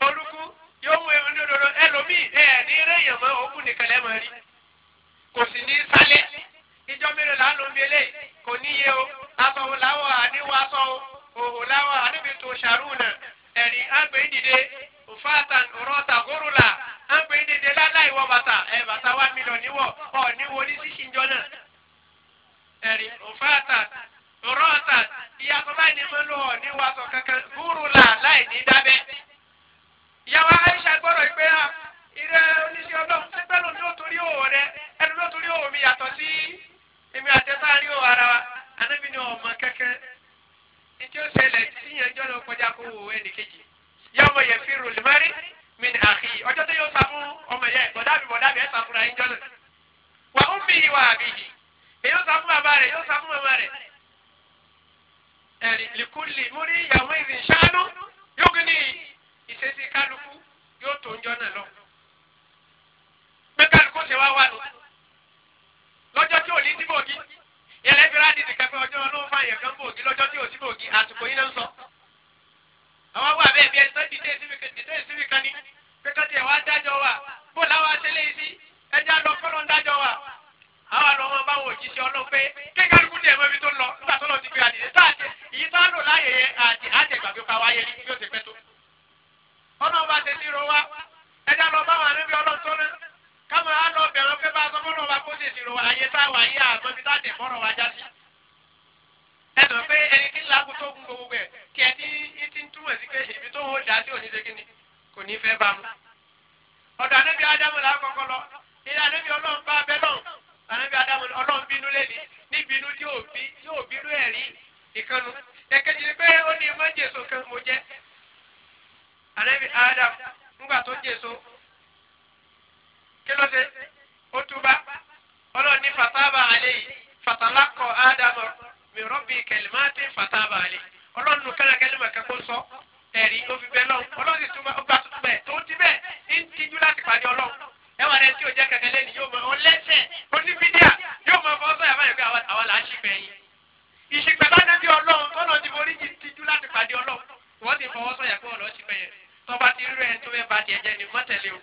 olúkú yóò mú ẹ̀mí dodo ẹlòmíì ẹ̀ ní eré èèyàn mọ́ ògùn nìkan lẹ́mọ̀ rí kò sì ní sálẹ̀ ìjọ mélòó là ń lo mele kò níye o abọ́wò láwọ̀ àníwọ̀ aṣọ o òhò láwọ̀ àníbìtò ṣàrùnà ẹ̀rí àgbẹ̀ ìdìde òfàtàn òrọ̀tà gòrùlà àgbẹ̀ ìdìde láláì wọ bàtà ẹ̀ bàtà wà mílíọ̀n níwọ̀ ọ̀ níwọ̀ ní sísì ìjọ náà ẹ̀rí òfàtàn òrọ̀tà ìyàtọ̀ láì ní mọ́lò ọ̀ níwọ̀ aṣọ kankan gòrùlà láì ní dábẹ́ ìyàwó Aisha gbọ́dọ̀ ìgbéra ah, ìrẹ́ oníṣẹ́ ẹnu ló torí omi yàtọ̀ sí èmi àtẹ́sáárí ò ara wa anábì ni ọmọ kẹ́kẹ́ ìjọ ṣẹlẹ̀ tíyanjọ́ ló kọjá kó wò ẹnì kejì yọmọ yẹn fi rò lùmọ́rí mi ní àkì ọjọ́ tó yóò sá fún ọmọ yẹn bọ̀dábì bọ̀dábì ẹ̀ sá fúnra yín jọ́nà wà ó mi ìwà àbí yìí èyí ó sá fún bàbá rẹ̀ yóò sá fún bàbá rẹ̀ ẹ̀rì lìkúlì múrí ìyàwó ìrìn ṣáánú yóò gbé ní ìṣesí kálukú yóò tó ń jọ́nà lọ pé kálukú ṣe wá wà lóṣù lọ́jọ́ tí ò ní sí bòógì ẹlẹ́gbẹ̀rẹ́ àdìdì kẹfẹ́ ọjọ́ ọlọ́run fààyàn kan bòógì lọ́jọ́ tí ò sí bòógì àsìkò yìí náà ń sọ. àwọn wà bẹ́ẹ̀ bí ẹsẹ̀ dìde síbi kan ní pé kọ́ tiẹ̀ wá dájọ́ wa bó láwa ṣẹlẹ̀ e sí ẹjẹ́ àlọ́ kọ́lọ́ ń dájọ́ wa. àwọn àlọ́ wọn báwọn òjíṣẹ́ ọlọ́run pé kékeré ní ẹ̀mọ́ ibi tó lọ nígbà tó lọ ti fi àdìyẹ sáàtì a lò láàyè yẹn àti àjẹgbàgbé pa wáyé ní bí ó ti pẹ́ tó. ọlọ́run bá ti ní ro wa ẹja lọ báwọn kama àlọ bẹ̀rẹ̀ pé bá a sọ fọ́nà wa kó sì ṣèrò àyè táwa yé àtọ́ ibi táàtì wa pé ẹni gbogbo ẹ kí ẹ ní ti túmọ̀ sí pé ibi tó ń dá sí kò ní fẹ́ bá mu. ọ̀dọ̀ anábì kọ́kọ́ lọ ilé anábì ọlọ́run bá abẹ́ lọ́run anábì ọlọ́run bínú lẹ́ni yóò bínú ìkànnù ni pé ó ní kan kí ló dé ó túbá ọlọ́run ní fataba alayhi fatalakọ ádámù mi rabbi kalimati fataba alayhi ọlọ́run nù kẹ́lẹ́ kẹ́lẹ́mà kẹ́kọ́ sọ ẹ̀rí ló fi bẹ́ẹ̀ lọ́wọ́ ọlọ́run sì túbá ọgbà tuntun bẹ́ẹ̀ tó ti bẹ́ẹ̀ ń tijú láti pàdé ọlọ́run ẹwà rẹ tí o jẹ kẹkẹ lẹni yóò mọ ọ lẹsẹ onífídíà yóò mọ fọwọ́ sọ̀rọ̀ àbáyọ̀ pé àwa là á ṣì gbẹ̀yìn ìṣìpẹ̀ bá dẹ́bi ọlọ́run tọ́lọ́ ti borí ti tijú láti pàdé ọlọ́run wọ́n ti fọwọ́ sọ̀yà pé ọlọ́ọ̀ ṣì gbẹ̀yìn tọ́ba ti rú ẹ̀ tó bẹ́ẹ̀ bá tiẹ̀ jẹ́ ni mọ́tẹ̀lẹ́ o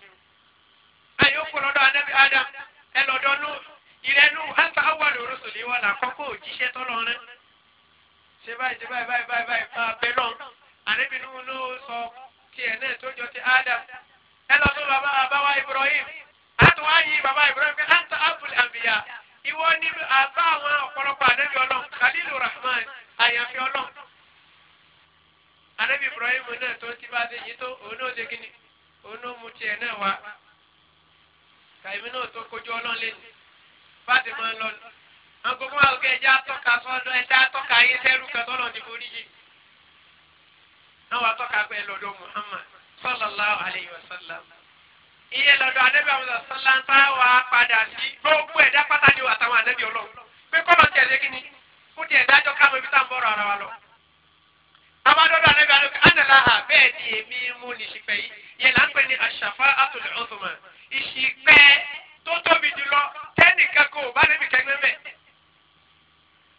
kó lọ́dọ̀ anábì adam ẹ lọ́dọ̀ nù ìrẹ́nu àgbà wà lóru sòlè wọn làkọ́kọ́ òjíṣẹ́ tọ́lọ́ rẹ ṣe báyìí ṣe báyìí báyìí báyìí báyìí bá bẹ lọ anábì nù ló sọ tiẹ̀ náà tó jọ ti adam ẹ lọ́dọ̀ bàbá àbáwá ibrahim àtúwá yìí bàbá ibrahim pé àtà abul anbiya ìwọ ni àbá àwọn ọ̀pọ̀lọpọ̀ anábì ọlọ́run khalilu rahman àyànfi ọlọ́run anábì ibrahim náà tó ti bá ṣe yìí tó òun náà ṣe kíni òun náà mú tiẹ̀ náà wá kàìmí náà tó kojú ọlọ́run lẹ́nu bá ti máa lọ nù. àwọn gbogbo àwọn ọ̀gá ẹja tọ́ka sọ́dọ̀ ẹja tọ́ka ayé sẹ́rù kan tọ́lọ̀ ní borí yìí. náà wàá tọ́ka pé lọ́dọ̀ Muhammad sallallahu alayhi wa sallam. iye lọ́dọ̀ anábì àwọn sọ́lá ń bá wa padà sí gbogbo ẹ̀dá pátá ni wà táwọn anábì ọlọ́run pé kọ́lọ̀ tiẹ̀ lé kíni fún tiẹ̀ dájọ́ káwọn ibi tá à ń bọ̀rọ̀ ara wa lọ. abadọ́dọ̀ anábì ànàlá bẹ́ẹ̀ ni èmi mú ní ṣìfẹ́ yìí yẹ ìṣìpẹ́ tó tóbi jùlọ tẹ́nìkan kò bá níbi kẹgbẹ́ bẹ́ẹ̀.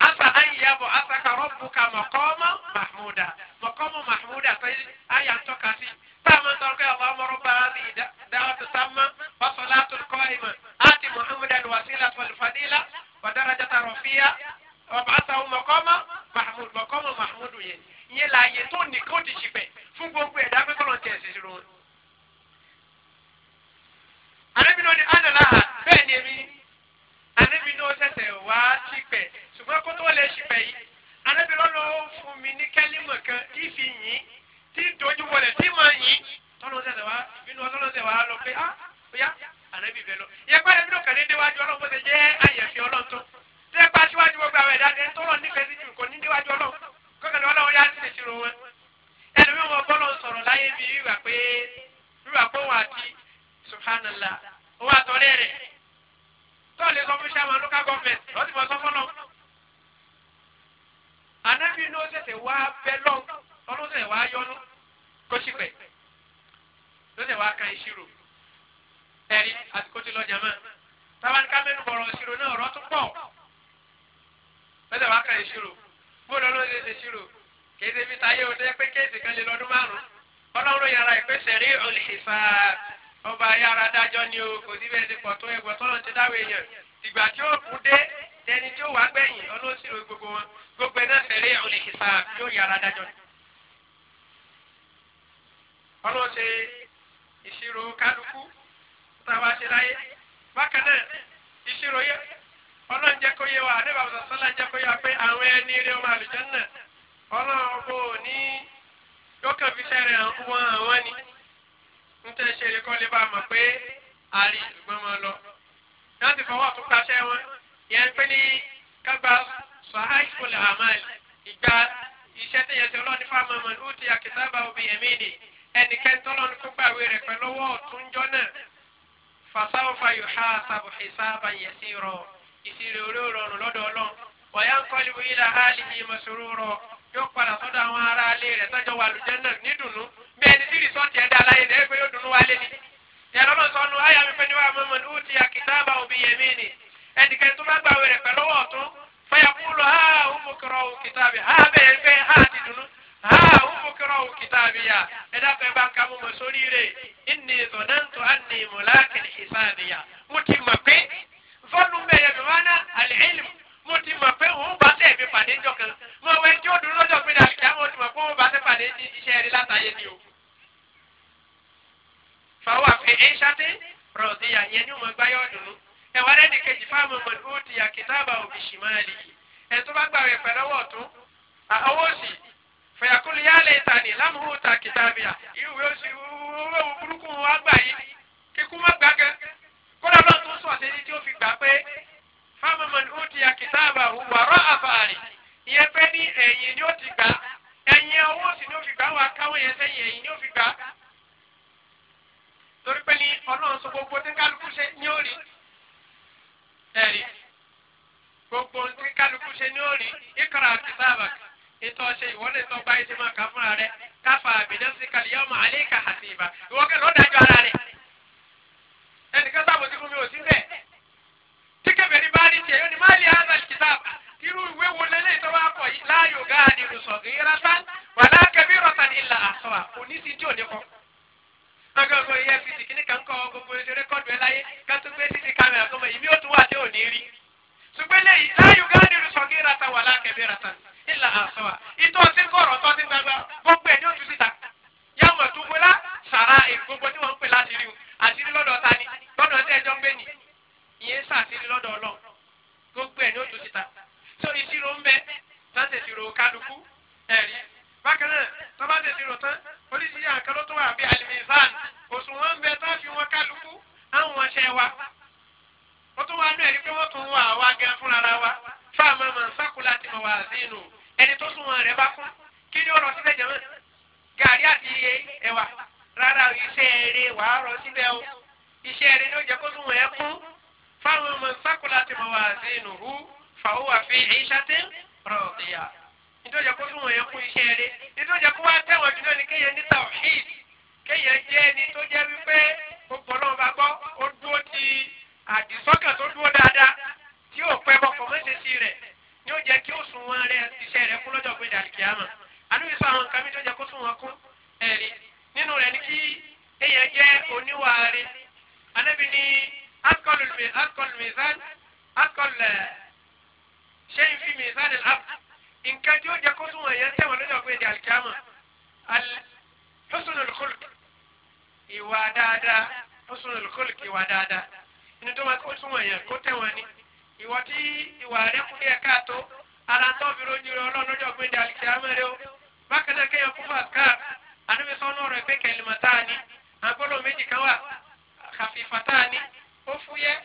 asa ayiyabo asaka rọbuka mọkọọmọ mahmuda mọkọọmọ mahmuda sẹyìn aya tọ́ka sí táàmù tọrọkẹ Allahumma rabba hadhihi da'watu tamma wa salatul qa'ima ati muhammadan wasilata wal fadila wa darajata rafiya ọbaṣawo mọkọọmọ mahmud mọkọọmọ mahmudu yẹn ìyẹn láàyè tó nìkan ó ti ṣìpẹ̀ fún gbogbo ẹ̀dá pé kọlọńtì ẹsẹ anabi náà ni analaha bẹ́ẹ̀ ni èmi anabi náà ṣẹ̀ṣẹ̀ wá ṣìpẹ̀ ṣùgbọ́n kó tó lè ṣìpẹ̀ yìí anabi náà lọ fún mi ní kẹ́límọ̀ kan tí fi yìn tí dojú wọlé tí mà yìn tọ́lọ́ ṣẹ̀ṣẹ̀ wá bínú ọlọ́lọ́ ṣẹ̀ wá lọ pé á ah, bóyá anabi bẹ lọ yẹpẹ ẹbí náà kàn ní wa ọlọ́run bó ṣe jẹ́ àyẹ̀fẹ́ ọlọ́run tó tẹ́pá síwájú gbogbo àwọn ẹ̀dá tẹ́ tọ́lọ́ nífẹ̀ẹ́ sí jù kò ní déwájú ọlọ́run kọ́kànlá ọlọ́run yá ti ṣèṣirò wọn ẹlòmíràn bọ́lọ̀ sọ̀rọ̀ láyé bí wíwà pé wíwà pé òun àti subhanallah ó wà tọ́lé rẹ̀ tó lè sọ fún sàmà local government ó sì mọ sọ fọlọ. anábì ní ó ṣẹ̀ṣẹ̀ wá bẹ́ lọ́n ọlọ́sẹ̀ wá yọnu kó sì pẹ̀ lọ́sẹ̀ wá kan ìṣirò ẹ̀rí àti kó ti lọ jàmọ́ táwọn ká mẹ́nu bọ̀rọ̀ ìṣirò náà ọ̀rọ̀ tún pọ̀ lọ́sẹ̀ wá kan ìṣirò bó lọ́lọ́ ṣe ṣe ìṣirò kéde bí táyé òde pé kéde kan lè lọ́dún márùn-ún yàrá ìpèsè rí olùṣèṣà ọba ayára dájọ́ ni o kò síbẹ̀ ti pọ̀ tó ẹgbẹ́ tọ́lọ́ ti dáwọ̀ èèyàn ìgbà tí ó kú dé ẹni tí ó wà gbẹ̀yìn ọlọ́sìn gbogbo wọn gbogbo ẹ̀ náà fẹ̀rẹ̀ ọ̀lẹ̀ kìsà yóò yára dájọ́ ni. ọlọ́sẹ̀ ìṣirò kálukú táwa ṣe láyé bákan náà ìṣirò yẹ ọlọ́run jẹ́ kó yé wa àdébà bàtà sọ́lá jẹ́ kó yé wa pé àwọn ẹni eré ọmọ àlùjànnà ọlọ́run kò ní yóò ń tẹ́ ṣe lè kọ́ lè bá mọ̀ pé àrí ṣùgbọ́n máa lọ. láti fọwọ́ tó paṣẹ wọn yẹn pé ní kágbá sahai kòlẹ̀ amal ìgbà iṣẹ́ tí yẹn ti ọlọ́ni fáwọn ọmọ ní ti àkìtábà òbí ẹ̀mí ni ẹnikẹ́ni tọ́lọ́ni kó gbàwé rẹ̀ pẹ̀lú ọwọ́ ọ̀túnjọ́ náà fasawfa yuhasabu hisaban yasiro ìṣirò orí òrọ̀rùn lọ́dọ̀ ọlọ́run wọ̀nyá ń kọ́lé wíyí la hali yìí mọ̀ṣúrú rọ yóò padà sọ́dọ̀ àwọn ará alẹ́ rẹ̀ sọ́jọ́ wàlújẹ́ náà nídùnnú pé ẹni tí rìsọ́ọ̀tì ẹ̀dá aláyé lẹ́yìn pé yóò dùnú ni. ìyàlọ́mọ sọnù ayé àmì pé níwájú mọ́mọ́ ní uti akitaba òbí yẹmí ni ẹnìkẹ́ tó bá gbàwé rẹ̀ pẹ̀lú ọwọ́ ọ̀tún fẹ́yà kúlò ha òmùkọ̀rọ̀ òkìtàbí ha bẹ́ẹ̀ pé ti dùnú ha òmùkọ̀rọ̀ òkìtàbí ya ẹ̀dá pé bá ń ka mọ́mọ́ sórí rẹ̀ ìní zọ̀nàntò àní mọ̀láàkìn ìsáàdìyà mo ti mọ̀ pé fọ́nù mẹ́yẹ mi wá ná àlẹ́hìlì mo ti mọ̀ pé òun bá tẹ̀ mi pàdé jọ kan mo wẹ́ tí ó fàwọn àfẹ ẹnṣadé rọdí yà yẹn ní ọmọ gbáyọ ọdún ẹwà lẹni kejì fáwọn ọmọ ìlú ti yà kìtàbà òbí ṣìmáàlì ẹ tó bá gbàwé pẹ̀lú ọwọ́ ọ̀tún ọwọ́ òsì fẹyàkúlù yà lè tà ní ìwé òsì ìwé òwú burúkú wa gbà yìí kíkú má gbàgẹ kódà bá tó sọ àtẹni tí ó fi gbà pé fáwọn ọmọ ìlú ti yà kìtàbà wàrọ àfààrí ìyẹn pé ní ẹ̀yìn ni ó ti gbà ẹ̀yìn ọwọ́ òsì ni ó fi gbà wà torí pé ní ọlọ́run sọ gbogbo tí kálukú ṣe ní òrì ẹ̀rí gbogbo tí kálukú ṣe ní òrì ìkàrà àti sábà ètò ọ̀ṣẹ́ ìwọlé tó gba ẹṣẹ́ máa kà fúnra rẹ káfà àbẹ̀dẹ́ sí kàlíyà ọmọ alẹ́ ìkà àti ìbà ìwọ́kẹ́ ló dájọ́ ara rẹ ẹnìkan sábò tí fún mi ò sí bẹ́ẹ̀ tí kẹfẹ́rí bá rí tiẹ̀ yóò máa lè hàn kìtàb irú ìwé wo lélẹ́yìí tó wá kọ̀ yìí láàyò gáà ni rùsọ̀ kì í wàlá kẹfí rọ̀tà ní ìlà àṣọ à kò ní kọ́ lọ́jọ́ ọgbọ́n yẹ fi sì kíní kan kọ́ gbogbo ètò rékọ́dù ẹ láyé ká tó gbé títí kámẹ́rà tó mọ̀ èmi ò tún wà tí ò ní rí. ṣùgbọ́n eléyìí láyò gáàdì rú sọ̀gí rata wà lákẹ́bí rata ìlà àṣọwà ìtọ́ sí kọ̀rọ̀ tọ́ sí gbagba gbogbo ẹ̀ ní oṣù síta. yàmọ̀ tó wọlá sàrà gbogbo tí wọ́n ń pè láti rí o àṣírí lọ́dọ̀ ta ni lọ́dọ̀ tẹ́ ẹjọ́ ń gbé ni ìyẹn sàṣírí lọ́dọ̀ ọlọ́ gbogbo ẹ̀ ní oṣù síta. so ìṣirò ń bẹ sáṣẹ̀ ìṣirò kálukú ẹ̀rí bákan náà tọ́ bá ṣèṣirò tán oríṣiríṣi àkàlọ́ tó wà bí alimizan òṣùwọ̀n ń bẹ tó fi wọn kálukú àwọn ọṣẹ wa wọ́n tún wá ní ẹ̀rí pé wọ́n tún wà wá gan fúnra wa fáàmà mà ń sákúlá ti mọ̀ wá sínú ẹni tó sún wọn rẹ̀ bá kún kí ni ó lọ síbẹ̀ jẹ̀mọ́ gàrí àti ẹ̀wà rárá iṣẹ́ eré wà á rọ síbẹ̀ o iṣẹ́ eré ni ó jẹ́ kó sún wọn ẹ̀ kún fáàmà mà ń sákúlá ti mọ̀ wá sínú hu fàwọ́ àfi ìṣàtẹ́ rọ̀ ìyá nítorí jẹ́ kó sún wọn ẹ̀ kún iṣẹ́ eré nítorí jẹ́ kó wá tẹ̀wọ̀n jùlọ ní kéèyàn ní tàwíìdì kéèyàn jẹ́ ẹni tó jẹ́ wípé gbogbo náà bá gbọ́ ó dúró ti àdìsọ́kàn tó dúró dáadáa tí yóò pẹ́ bọ́kọ̀ mọ́ṣẹ́sí rẹ̀ ni ó jẹ́ kí ó sùn wọn rẹ̀ iṣẹ́ rẹ̀ kún lọ́jọ́ pé dàlìkìyàmọ̀ àdúgbò sọ àwọn nǹkan mi tó jẹ́ kó sùn wọn kún ẹ̀rí nínú rẹ̀ ni kí kéèyàn jẹ́ oníwàárí anábì ní alkọlù mizan alkọlù eh, ṣé n fi al nǹkan tí ó jẹ́ kó sùn wọn yẹn tẹ̀wọ̀n lọ́jọ́ pé dàlìkìyàmọ̀ husnul khuluq ìwà dáadáa husnul khuluq ìwà dáadáa inú tó máa tún wọ̀nyẹn kó tẹ̀wọ̀n ni ìwọ tí ìwà rẹ kú yẹ káàtó ara tó fi rojú rẹ ọlọ́run lọ́jọ́ pé ní alikiyama rẹ o bákan náà kéèyàn kún fún àkàr àníbi sọ́nù ọ̀rọ̀ pé kalimatani agbọ́dọ̀ méjì kan wà khafifatani ó fúyẹ́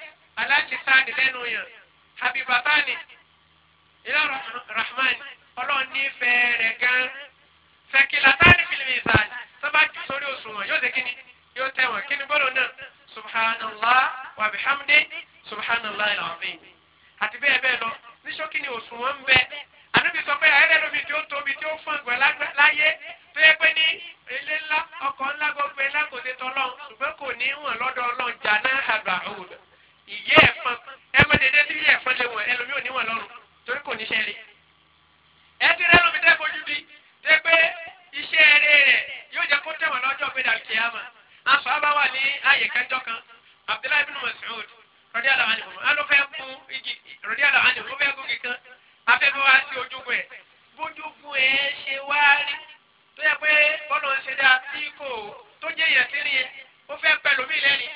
aláìsísáàdì lẹ́nu yàn habibatani ilá rahman ọlọ́run nífẹ̀ẹ́ rẹ̀ gan-an sẹ̀kìlá táàrí fìlìmì ìsàn sábà jù sórí òṣùwọ̀n yóò ṣe kíni yóò tẹ̀wọ̀n kíni bọ́lọ̀ náà subhanallah wa bihamdi subhanallah alazim àti bẹ́ẹ̀ bẹ́ẹ̀ lọ ní ṣókí ni òṣùwọ̀n ń bẹ ànábi sọ pé ayẹyẹ lómi tí ó tóbi tí ó fún ẹgbẹ́ láyé tó yẹ pé ní ilé ńlá ọkọ̀ ńlá gbogbo ńlá kò ṣe tọ́lọ́ ṣùgbọ́n kò ní wọn lọ́dọ̀ ọlọ́run jana àgbà òòlù ìyẹ́ ẹ̀fọn ẹ̀mọ́dédé tí ìyẹ́ ẹ̀fọn lè wọ̀ ẹlòmí ò ní wọn lọ́rùn torí kò ní ṣẹlẹ̀ ẹ ti rẹ́ lómi dẹ́gbẹ́ iṣẹ́ eré rẹ̀ yóò jẹ́ kó tẹ̀wọ̀n lọ́jọ́ gbẹdà kìámà aṣọ àbá wà ní ààyè kẹjọ kan Abdullahi bin Mas'ud rọdí àlọ́ àjùmọ̀ alo fẹ́ gun igi rọdí àlọ́ àjùmọ̀ ó fẹ́ gun igi kan afẹ́fẹ́ wá sí ojúgun ẹ̀ bójúgun ẹ̀ ṣe wá rí tó yẹ pé bọ́lọ̀ ń ṣe dáa tí kò tó jẹ́ yẹn sí nìyẹn ó fẹ́ pẹ̀lú mi lẹ́ni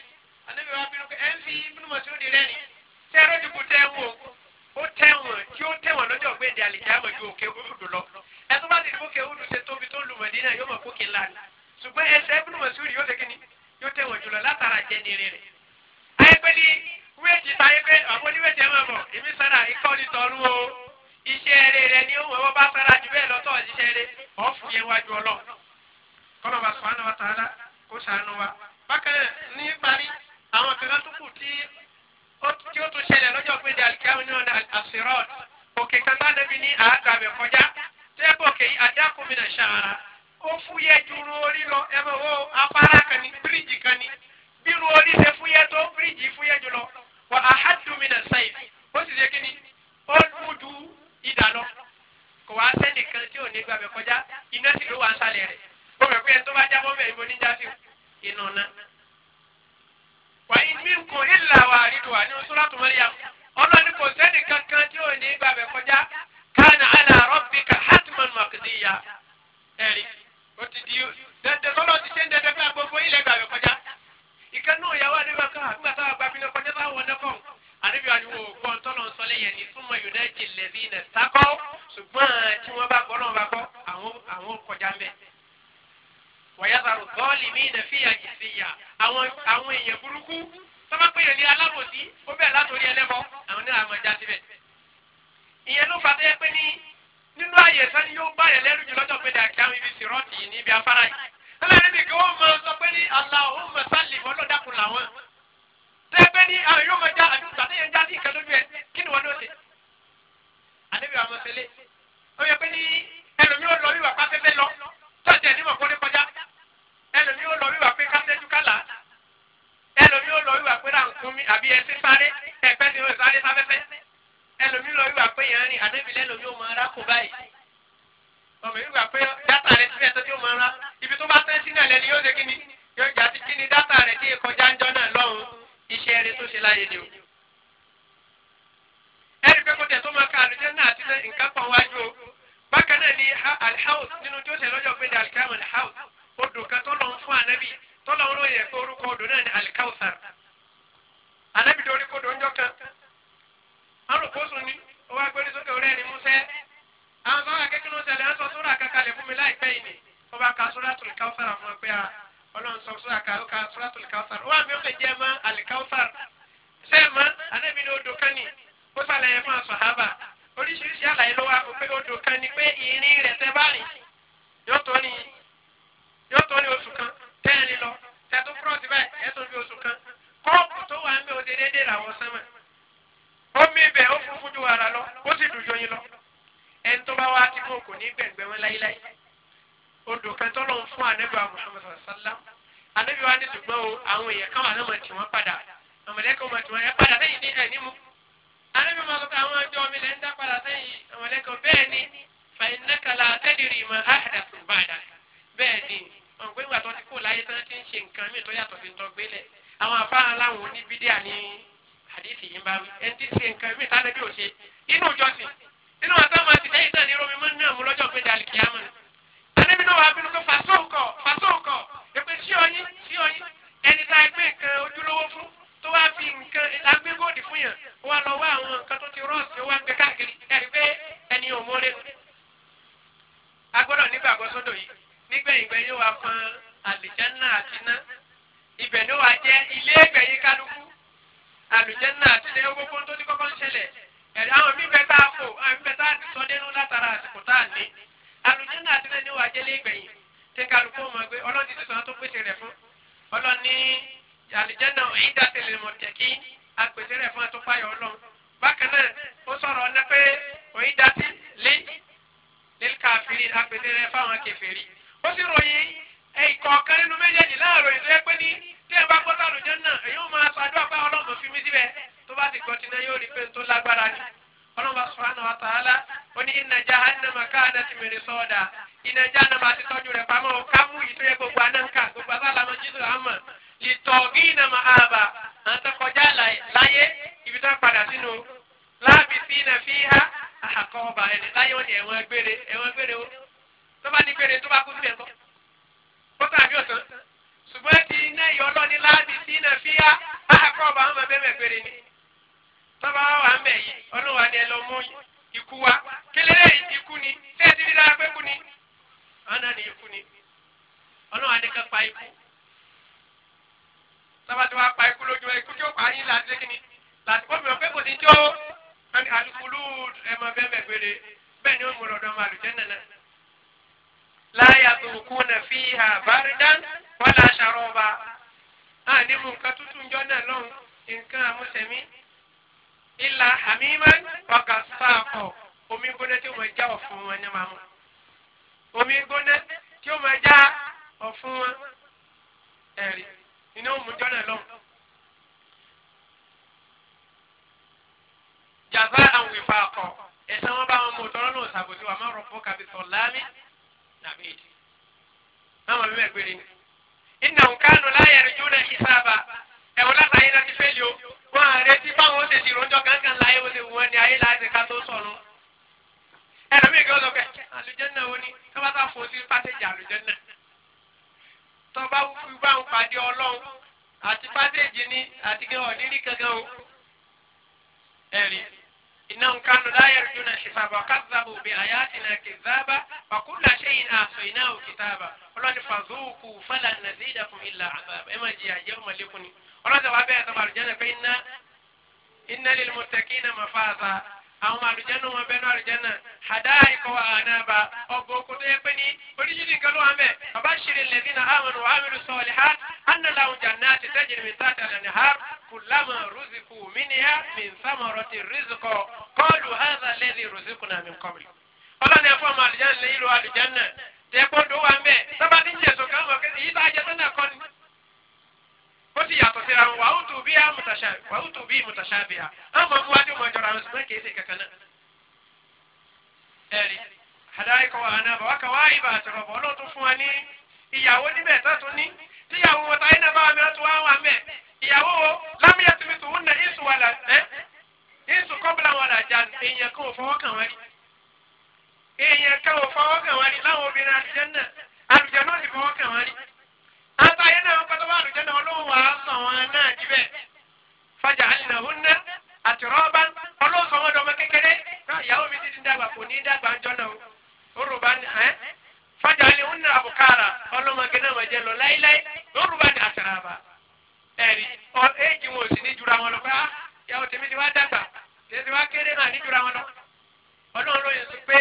ànábi wa bínú ẹ̀ ń fi bínú Mas'ud lẹ́ni tẹ́rọ̀dùkú tẹ́wọ̀n ó tẹ́wọ̀n tí ó tẹ́wọ̀n lọ́jọ́ gbẹ̀dẹ̀ àlìjáàmọ̀ ju òkè òdòdó lọ ẹtú bá ti kó kéwúdù ṣe tóbi tó lù mọ̀dínà yóò mọ̀ kókè ńlá ni ṣùgbọ́n ẹsẹ̀ ẹbí lùmọ̀ sórí yóò tẹ́kíní yóò tẹ̀wọ̀n jùlọ látara jẹ́ nírì rẹ̀. ayẹ́pẹ́ ní wíwèjì ta ayẹ́pẹ́ àwọn oníwèjì ẹ̀wọ̀n mọ̀ èmi sára ikọ́ ni tọ́lú o iṣẹ́ eré rẹ ni ó wọ̀ wọ́n bá sára jù bẹ́ẹ̀ lọ́tọ̀ iṣẹ́ eré ọ̀fù yẹn wájú ọlọ́ kọ́lọ́ba sọ̀hánà wa tẹ́gbọ̀kẹ́ yìí adákùnmínà ṣàrà ó fúyẹ́ dúró orí lọ ẹ̀fọ́ wo afárá kan ní bíríìjì kan ní bírú orí ṣe fúyẹ́ tó bíríìjì fúyẹ́ jùlọ wà á hàdùmínà sáyìn ó sì ṣe kíni ó mú du ìdá lọ kò wá sẹ́nìkan tí ò ní gbàgbẹ́ kọjá iná sì ló wà ń sálẹ̀ rẹ̀ ó rẹ̀ pé ẹni tó bá jábọ́ mẹ́rin mo ní jáfí inú ná. wàyí mi kò ilà wà àrídùn wà ní Suratu Maryam ọlọ́ni kò sẹ́nìkan kan tí ò ní gbàgbẹ́ kọjá kana ala rabbika hatman maqdiya ẹ̀rí o ti di dandan tọ́lọ́ ti ṣe ń dandan fún agbófo ilẹ̀ gbàgbé kọjá ìkànnì òyàwó àdébà ká àgbà tá a gbàgbé kọjá tá a wọ̀ nẹ́kọ̀ àdébì àdìwò gbọ́n tọ́lọ́ ń sọlé yẹn ní súnmọ́ yunẹ́jì lẹ́bí nà sákọ́ ṣùgbọ́n tí wọ́n bá gbọ́ náà bá kọ́ àwọn kọjá mẹ́ wọ̀yàtàrù tọ́ọ̀lì mí nà fìyà jì fìyà àwọn èèyàn burúkú tọ́ ìyẹn ló fàtẹ́ yẹ pé ní nínú àyè sani yóò bá yẹn lẹ́rù jù lọ́jọ́ pé dàkí àwọn ibi sìrọ́ọ̀tì yìí níbi afárá yìí ẹlẹ́rìí nìkan wọ́n máa sọ pé ní Allahumma salli ọlọ́dàkùn làwọn tẹ́gbẹ́ ní àwọn ah, yóò máa já àdúgbò àtẹ́yẹn já sí ìkan lójú ẹ kí ni wọ́n ló ṣe àdébí àwọn ọ̀sẹ̀lẹ̀ ó yẹ pé ní ẹlòmí ó lọ wíwà pàfẹ́fẹ́ lọ tọ́jú ẹ̀ nímọ̀ kọ́lé kọjá ẹlòmí ó lọ wíwà pé kásẹ́jú àdébìlẹ́ lomi ó máa rá kó báyìí ọmọ yìí gbà pé dátà rẹ síbẹ̀ tó ti ó máa rá ibi tó bá fẹ́ sí náà lẹ́ni yóò ṣe kí ni yóò jà sí kí ni dátà rẹ tí èkọjá ń jọ náà lọ́hùn iṣẹ́ rẹ tó ṣe láyé ni o. ẹ̀rí pé kó tẹ̀ tó máa ka àlùjẹ́ náà àti nǹkan kan wájú o bákan náà ni alhaus nínú tó ṣe lọ́jọ́ pé alkaun alhaus odò kan tó lọ fún anabi tó lọ rọ yẹ pé orúkọ odò náà ni ó wá gbérí sókè orí ẹni músẹ́. àwọn bá wà kékeré ó tẹ̀lé ẹ̀sọ́ súrà kankalẹ̀ fún mi láìpẹ́ yìí ni ó bá ka súràtul Kawthar fún ọ pé a ah, ọlọ́run sọ súrà ká ó ka súràtul Kawthar ó wà mí jẹ́ mọ́ al-Kawthar sẹ́ẹ̀mọ́ anábì odò kan ni ó sàlàyé fún àṣàhábà oríṣiríṣi àlàyé ló wá pé odò kan ni pé ìrìn rẹ̀ tẹ́ bá rìn yóò tó ní oṣù kan tẹ́ẹ̀rin lọ tẹ́tún kúrọ̀sì báyìí ẹ̀sùn bí oṣù kan kọ́ọ̀pù tó wà ń bẹ òde déédéé làwọn sẹ́mọ̀ ó mí bẹ̀ ó fún fújú ara lọ ó sì dùn jọyìn lọ ẹni tó bá wá tí mo kò ní gbẹ̀ngbẹ̀ wọn láíláí odò kan tó lọ́n fún ànábì wa Muhammad sallam ànábì wa ní ṣùgbọ́n o àwọn èèyàn kan wà náà mọ̀ tí wọ́n padà àmọ̀lẹ́kọ̀ mọ̀ tí wọ́n yẹ padà sẹ́yìn ní ẹ̀ nímú ànábì wa sọ pé àwọn ọjọ́ mi lẹ́ ń dá padà sẹ́yìn àmọ̀lẹ́kọ̀ bẹ́ẹ̀ ni fàyínnẹ́kàlà tẹ́lẹ̀rì mọ́ àhàdàtù bàdà bẹ́ẹ̀ ni ọ̀gbẹ́ngbà tó ti kó láyé tán ti ń ṣe nǹkan mí tó yàtọ̀ sí tọ́gbélẹ̀ àwọn afáàlà àwọn àdéhìí yìí bá wí ẹni tí ṣe nǹkan mí tálẹ́ bí ò ṣe inú ìjọsìn nínú àtọ́ máa ti lẹ́yìn náà ní romi mọ́ ní àmú lọ́jọ́ péjì àlìkìyàmù ni. anábì náà wà á bínú pé fàṣọ́ǹkọ̀ fàṣọ́ǹkọ̀ èpè sí ọyín sí ọyín ẹni tá a gbé nǹkan ojúlówó fún tó wá fi nǹkan agbé góòdì fún yàn ó lọ wá àwọn nǹkan tó ti rọ́ọ̀sì wá gbé káàkiri ẹ̀rí pé ẹni ò mọ́lẹ̀. a gbọ́dọ̀ nígbàgbọ́ sódò yìí nígbẹ̀yìngbẹ̀yìn wà fún àlìjánná àtiná ibẹ̀ ló wà jẹ́ ilé ẹgbẹ̀yìn kálukú àlùjẹ́nà àti ilẹ̀ gbogbo tó ní kọ́kọ́ ń ṣẹlẹ̀ ẹ̀rí àwọn mí bẹ́ẹ̀ tá a fò àwọn mí bẹ́ẹ̀ tá a ti sọ dénú látara àsìkò tá a ní àlùjẹ́nà àti ilẹ̀ ní wàá jẹ́lé ìgbẹ̀yìn tí kálukú mọ̀ pé ọlọ́ọ̀dì ti sọ tó pèsè rẹ̀ fún ọlọ́ọ̀ni àlùjẹ́nà ìdá tẹ̀lé mọ̀ tẹ̀kí apèsè rẹ̀ fún àtúpáyọ̀ ọlọ́run bákan náà ó sọ̀rọ̀ ọ̀nà pé òyìnbá ti lé tí ẹ bá gbọ́ sálù jẹ́ náà èyí ó máa ṣàdúrà pé ọlọ́run fi mí síbẹ̀ tó bá ti gbọ́ tiná yóò rí pé tó lágbára ni ọlọ́run subhanahu wa ta'ala ó ní inna jahannama kanat mirsada iná jahannama ti tọ́jú rẹ̀ pamọ́ ká mú yìí tó yẹ gbogbo anáǹkà gbogbo asálàmọ́ jésù àmọ́ ìtọ̀gí iná máa bà àwọn tó kọjá láyé ibi tó padà sínú láàbì sí iná fi há àkọ́ ọba ẹni láyé wọn ni ẹ̀wọ̀n gbére ẹ̀wọ̀n gbére o tó bá ní gbére tó bá kú sí ẹ̀kọ́ kó sáà bí ṣùgbọ́n ti iná ìyọ́ lọ́ni láti sí iná fíyà àkọ́ ọba àwọn bàbá ẹ̀mẹ̀gbẹ̀rẹ̀ ni tọ́ba wà ń bẹ̀ yìí ọlọ́wà ni ẹ lọ mú ikú wa kéléré ikú ni ṣé ẹ ti rí lára pé kú ni ọ̀nà ni ikú ni ọlọ́wà ni kẹ́ pa ikú tọ́ba tí wàá pa ikú lójú ẹ ikú tí ó pa yín láti ṣe kíni láti bọ́ mi ò pé kò ní jó alukulu ẹ̀mọ bẹ́ẹ̀ mẹ́gbẹ̀rẹ̀ bẹ́ẹ̀ ni ó mú lọ́dọ̀ ọmọ àlùjẹ́ nàná láyà tó kú nà fi hà bárí dáná wọ́lá aṣàrọ̀ ọba á nínú nǹkan tútù ń jọ́nà lọ́hùn nǹkan àmúṣẹ̀mí ìlà àmìmá ọkà sáàkọ̀ omi gbóná tí ó máa já ọ̀fun wọn ní màmú omi gbóná tí ó máa já ọ̀fun wọn ẹ̀rí iná òmù jọ́nà lọ́hùn. jàzá àwọn ìfà ọkọ̀ ẹ̀sán wọn bá wọn mú tọrọ náà ṣàbòsí wa máa rọ̀ fún kàbí sọ̀ ìdí. báwọn mímẹ́ gbére ni iná nkánu láyà rẹjọ náà ìsáàbà ẹwọn láti ayé láti fẹ́ lé o wọn àrètí báwọn ó ṣe ti rọjò gángan láyé ó ṣe wọn ni ayé láti ká tó sọ̀rọ̀ ẹlòmí ìgbà ọ̀dọ̀ kẹ àlùjẹ́nà wo ni tó bá bá fún sí pàṣẹjì àlùjẹ́nà tó bá bá ń pàdé ọlọ́run àti pàṣẹjì ni àti kí ọ̀ kankan o ẹ̀rí. إنهم كانوا لا يرجون حسابا وكذبوا بآياتنا كذابا وكل شيء أحصيناه كتابا قلنا فذوقوا فلن نزيدكم إلا عذابا إما جاء يوم لكم ولن تبع بها تبع الجنة فإن إن للمتقين مفازا àwọn àlùjẹ́nu wọn bẹ́ẹ̀ ní àlùjẹ́nu àdá ikọ̀ ànába ọgbọ̀n oko tó yẹ pé ní oríṣiríṣi nǹkan ló wà mẹ́ bàbá ṣeré lẹ́sìn náà àwọn ọ̀hún àmì lùsọ̀ ọ̀lẹ̀ ha àná làwọn jàǹdà ti tẹ́jì ní mìtá tẹ̀lẹ̀ ní ha kùlámà rúzìkù mínìyà mìsámọ̀rọ̀ ti rúzìkọ̀ kọ́ọ̀lù hàzà lẹ́sìn rúzìkù náà mi kọ́bìlì. ọlọ́ni ẹ̀fọ́ ọmọ àlùjẹ́nu lè yí ó sì yàtọ̀ síra wọn wàá tù bí wàá tù bí mùtàṣàbí ha àmọ́ mú wájú mọ́ ìjọra àwọn ṣùgbọ́n kì í ṣe kankan náà. ẹ̀rí àdáyé kọ́ ànábà wákà wá ibà àtọ̀rọ̀bọ̀ ọlọ́run tó fún wa ní ìyàwó níbẹ̀ tó tún ní tíyàwó wọn táyé náà bá mi ọtún wá wà mẹ́ ìyàwó wo lámìyà tó fi tù wọ́n náà wà láti ìṣù kọ́bùlà wọn làjà èèyàn kan ò fọwọ́ kàn wọ́n rí èèyàn kan ò fọwọ́ ata yẹn náà pátá wà lójẹ́ náà ọlọ́run wà á sàn wọn náà níbẹ̀ fàjà àyìnà ó ná àti rọ́ọ̀bá ọlọ́run sọ wọn dọ̀mọ kékeré náà ìyàwó mi ti di dàgbà kò ní dàgbà ńjọ́ náà ó rò bá ní ẹ́ fàjà àyìnà ó ná àbùkárà ọlọ́mọge náà wọ́n jẹ lọ láíláí ó rò bá ní àtàràbà ẹ̀rí ọ éèjì wọn ò sì ní jura wọn lọ pé á ah, ìyàwó tèmi ti wá dàgbà tèmi ti wá kéré náà ní jura wọn lọ ọlọ́run ló yẹ sọ pé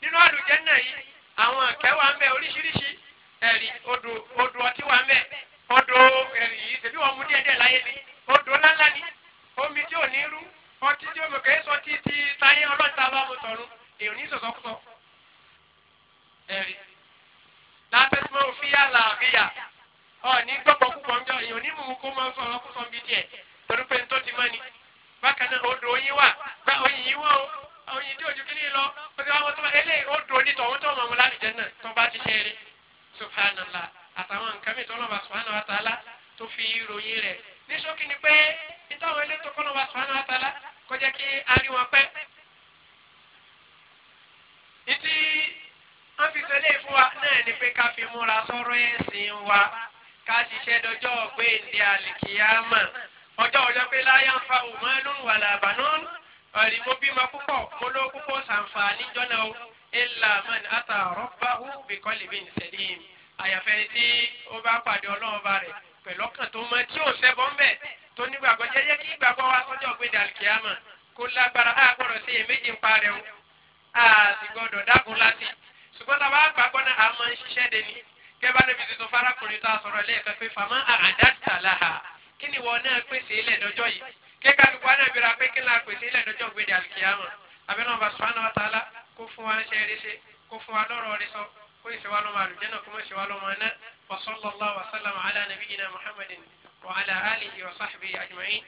nínú àlùjẹ́ náà yìí àwọn àkẹ́wà ń bẹ oríṣiríṣi ẹ̀rí odò odò ọtí wà mẹ́ odò ẹ̀rí yìí ṣèbí wọn mú díẹ̀ díẹ̀ láyé ni odò ńláńlá ni omi tí ò ní rú ọtí tí ó mọ̀ kẹ́sọ́ tí ti táyé ọlọ́ta bá mo sọ̀rọ̀ èèyàn ní sọ̀sọ́kùsọ. ẹ̀rí látẹ́símọ́ òfin yàrá àríyá ọ̀ní gbọ́pọ̀ púpọ̀ ń jọ èèyàn ní mú kó máa sọ̀rọ̀ kó sọ̀rọ̀ bí díẹ̀ torí pé tó ti mọ́ ni bákan náà odò oyin wà gba oyin yìí wọ́n o oyin tí òjò kí ni lọ ó ti wá mọ́tò eléyìí odò onítọ̀ subhanallah àtàwọn nǹkan mi tọ́lọ́ bá subhanahu wa ta'ala tó fi ròyìn rẹ̀ ní ṣókí ni pé nítawọn elétò kọ́lọ́ bá subhanahu wa ta'ala kọjá kí a rí wọn pẹ́. ìtì wọ́n fi sọ léèfún wa náà ni pé ká fi múra sọ́rọ́ ẹ̀sìn wa ká ṣiṣẹ́ dọjọ́ ọ̀gbẹ́ǹde àlìkìyàmà ọjọ́ ọjọ́ pé láyà ń fa òmùẹ́lùn wàlàbànú ọ̀rì mo bímọ púpọ̀ mo lówó púpọ̀ ṣàǹfààní jọ́nà o illa man ata rabbahu bi qalbin salim àyàfẹ́ tí ó bá pàdé ọlọ́run bá rẹ̀ pẹ̀lú ọkàn tó mọ tí ò sẹ́bọ̀ ń bẹ̀ tó nígbàgbọ́ jẹ́jẹ́ kí ìgbàgbọ́ wa sọ́jọ́ gbé dàlùkìyàmọ̀ kó lágbára á gbọ́dọ̀ sí èméjì ń parẹ́ o á sì gbọ́dọ̀ dákun láti ṣùgbọ́n tá a bá gbàgbọ́ náà a máa ń ṣiṣẹ́ de ni kẹ́bá níbi tuntun farakùnrin tó a sọ̀rọ̀ lẹ́ẹ̀kan pé fàmọ́ àdáta láha kí ni wọn náà pèsè ilẹ̀ dọ́jọ́ yìí kíkà lùkọ́ náà bira pé kí kó fún wa ṣe rí ṣe kó fún wa lọ́rọ̀ rí sọ kó ìṣe wa lọ́mọ àlùjẹ́nà kó mọ̀ ṣe wa lọ́mọ iná wa sallallahu wa sallam muhammadin wa alihi wa sahbihi ajma'in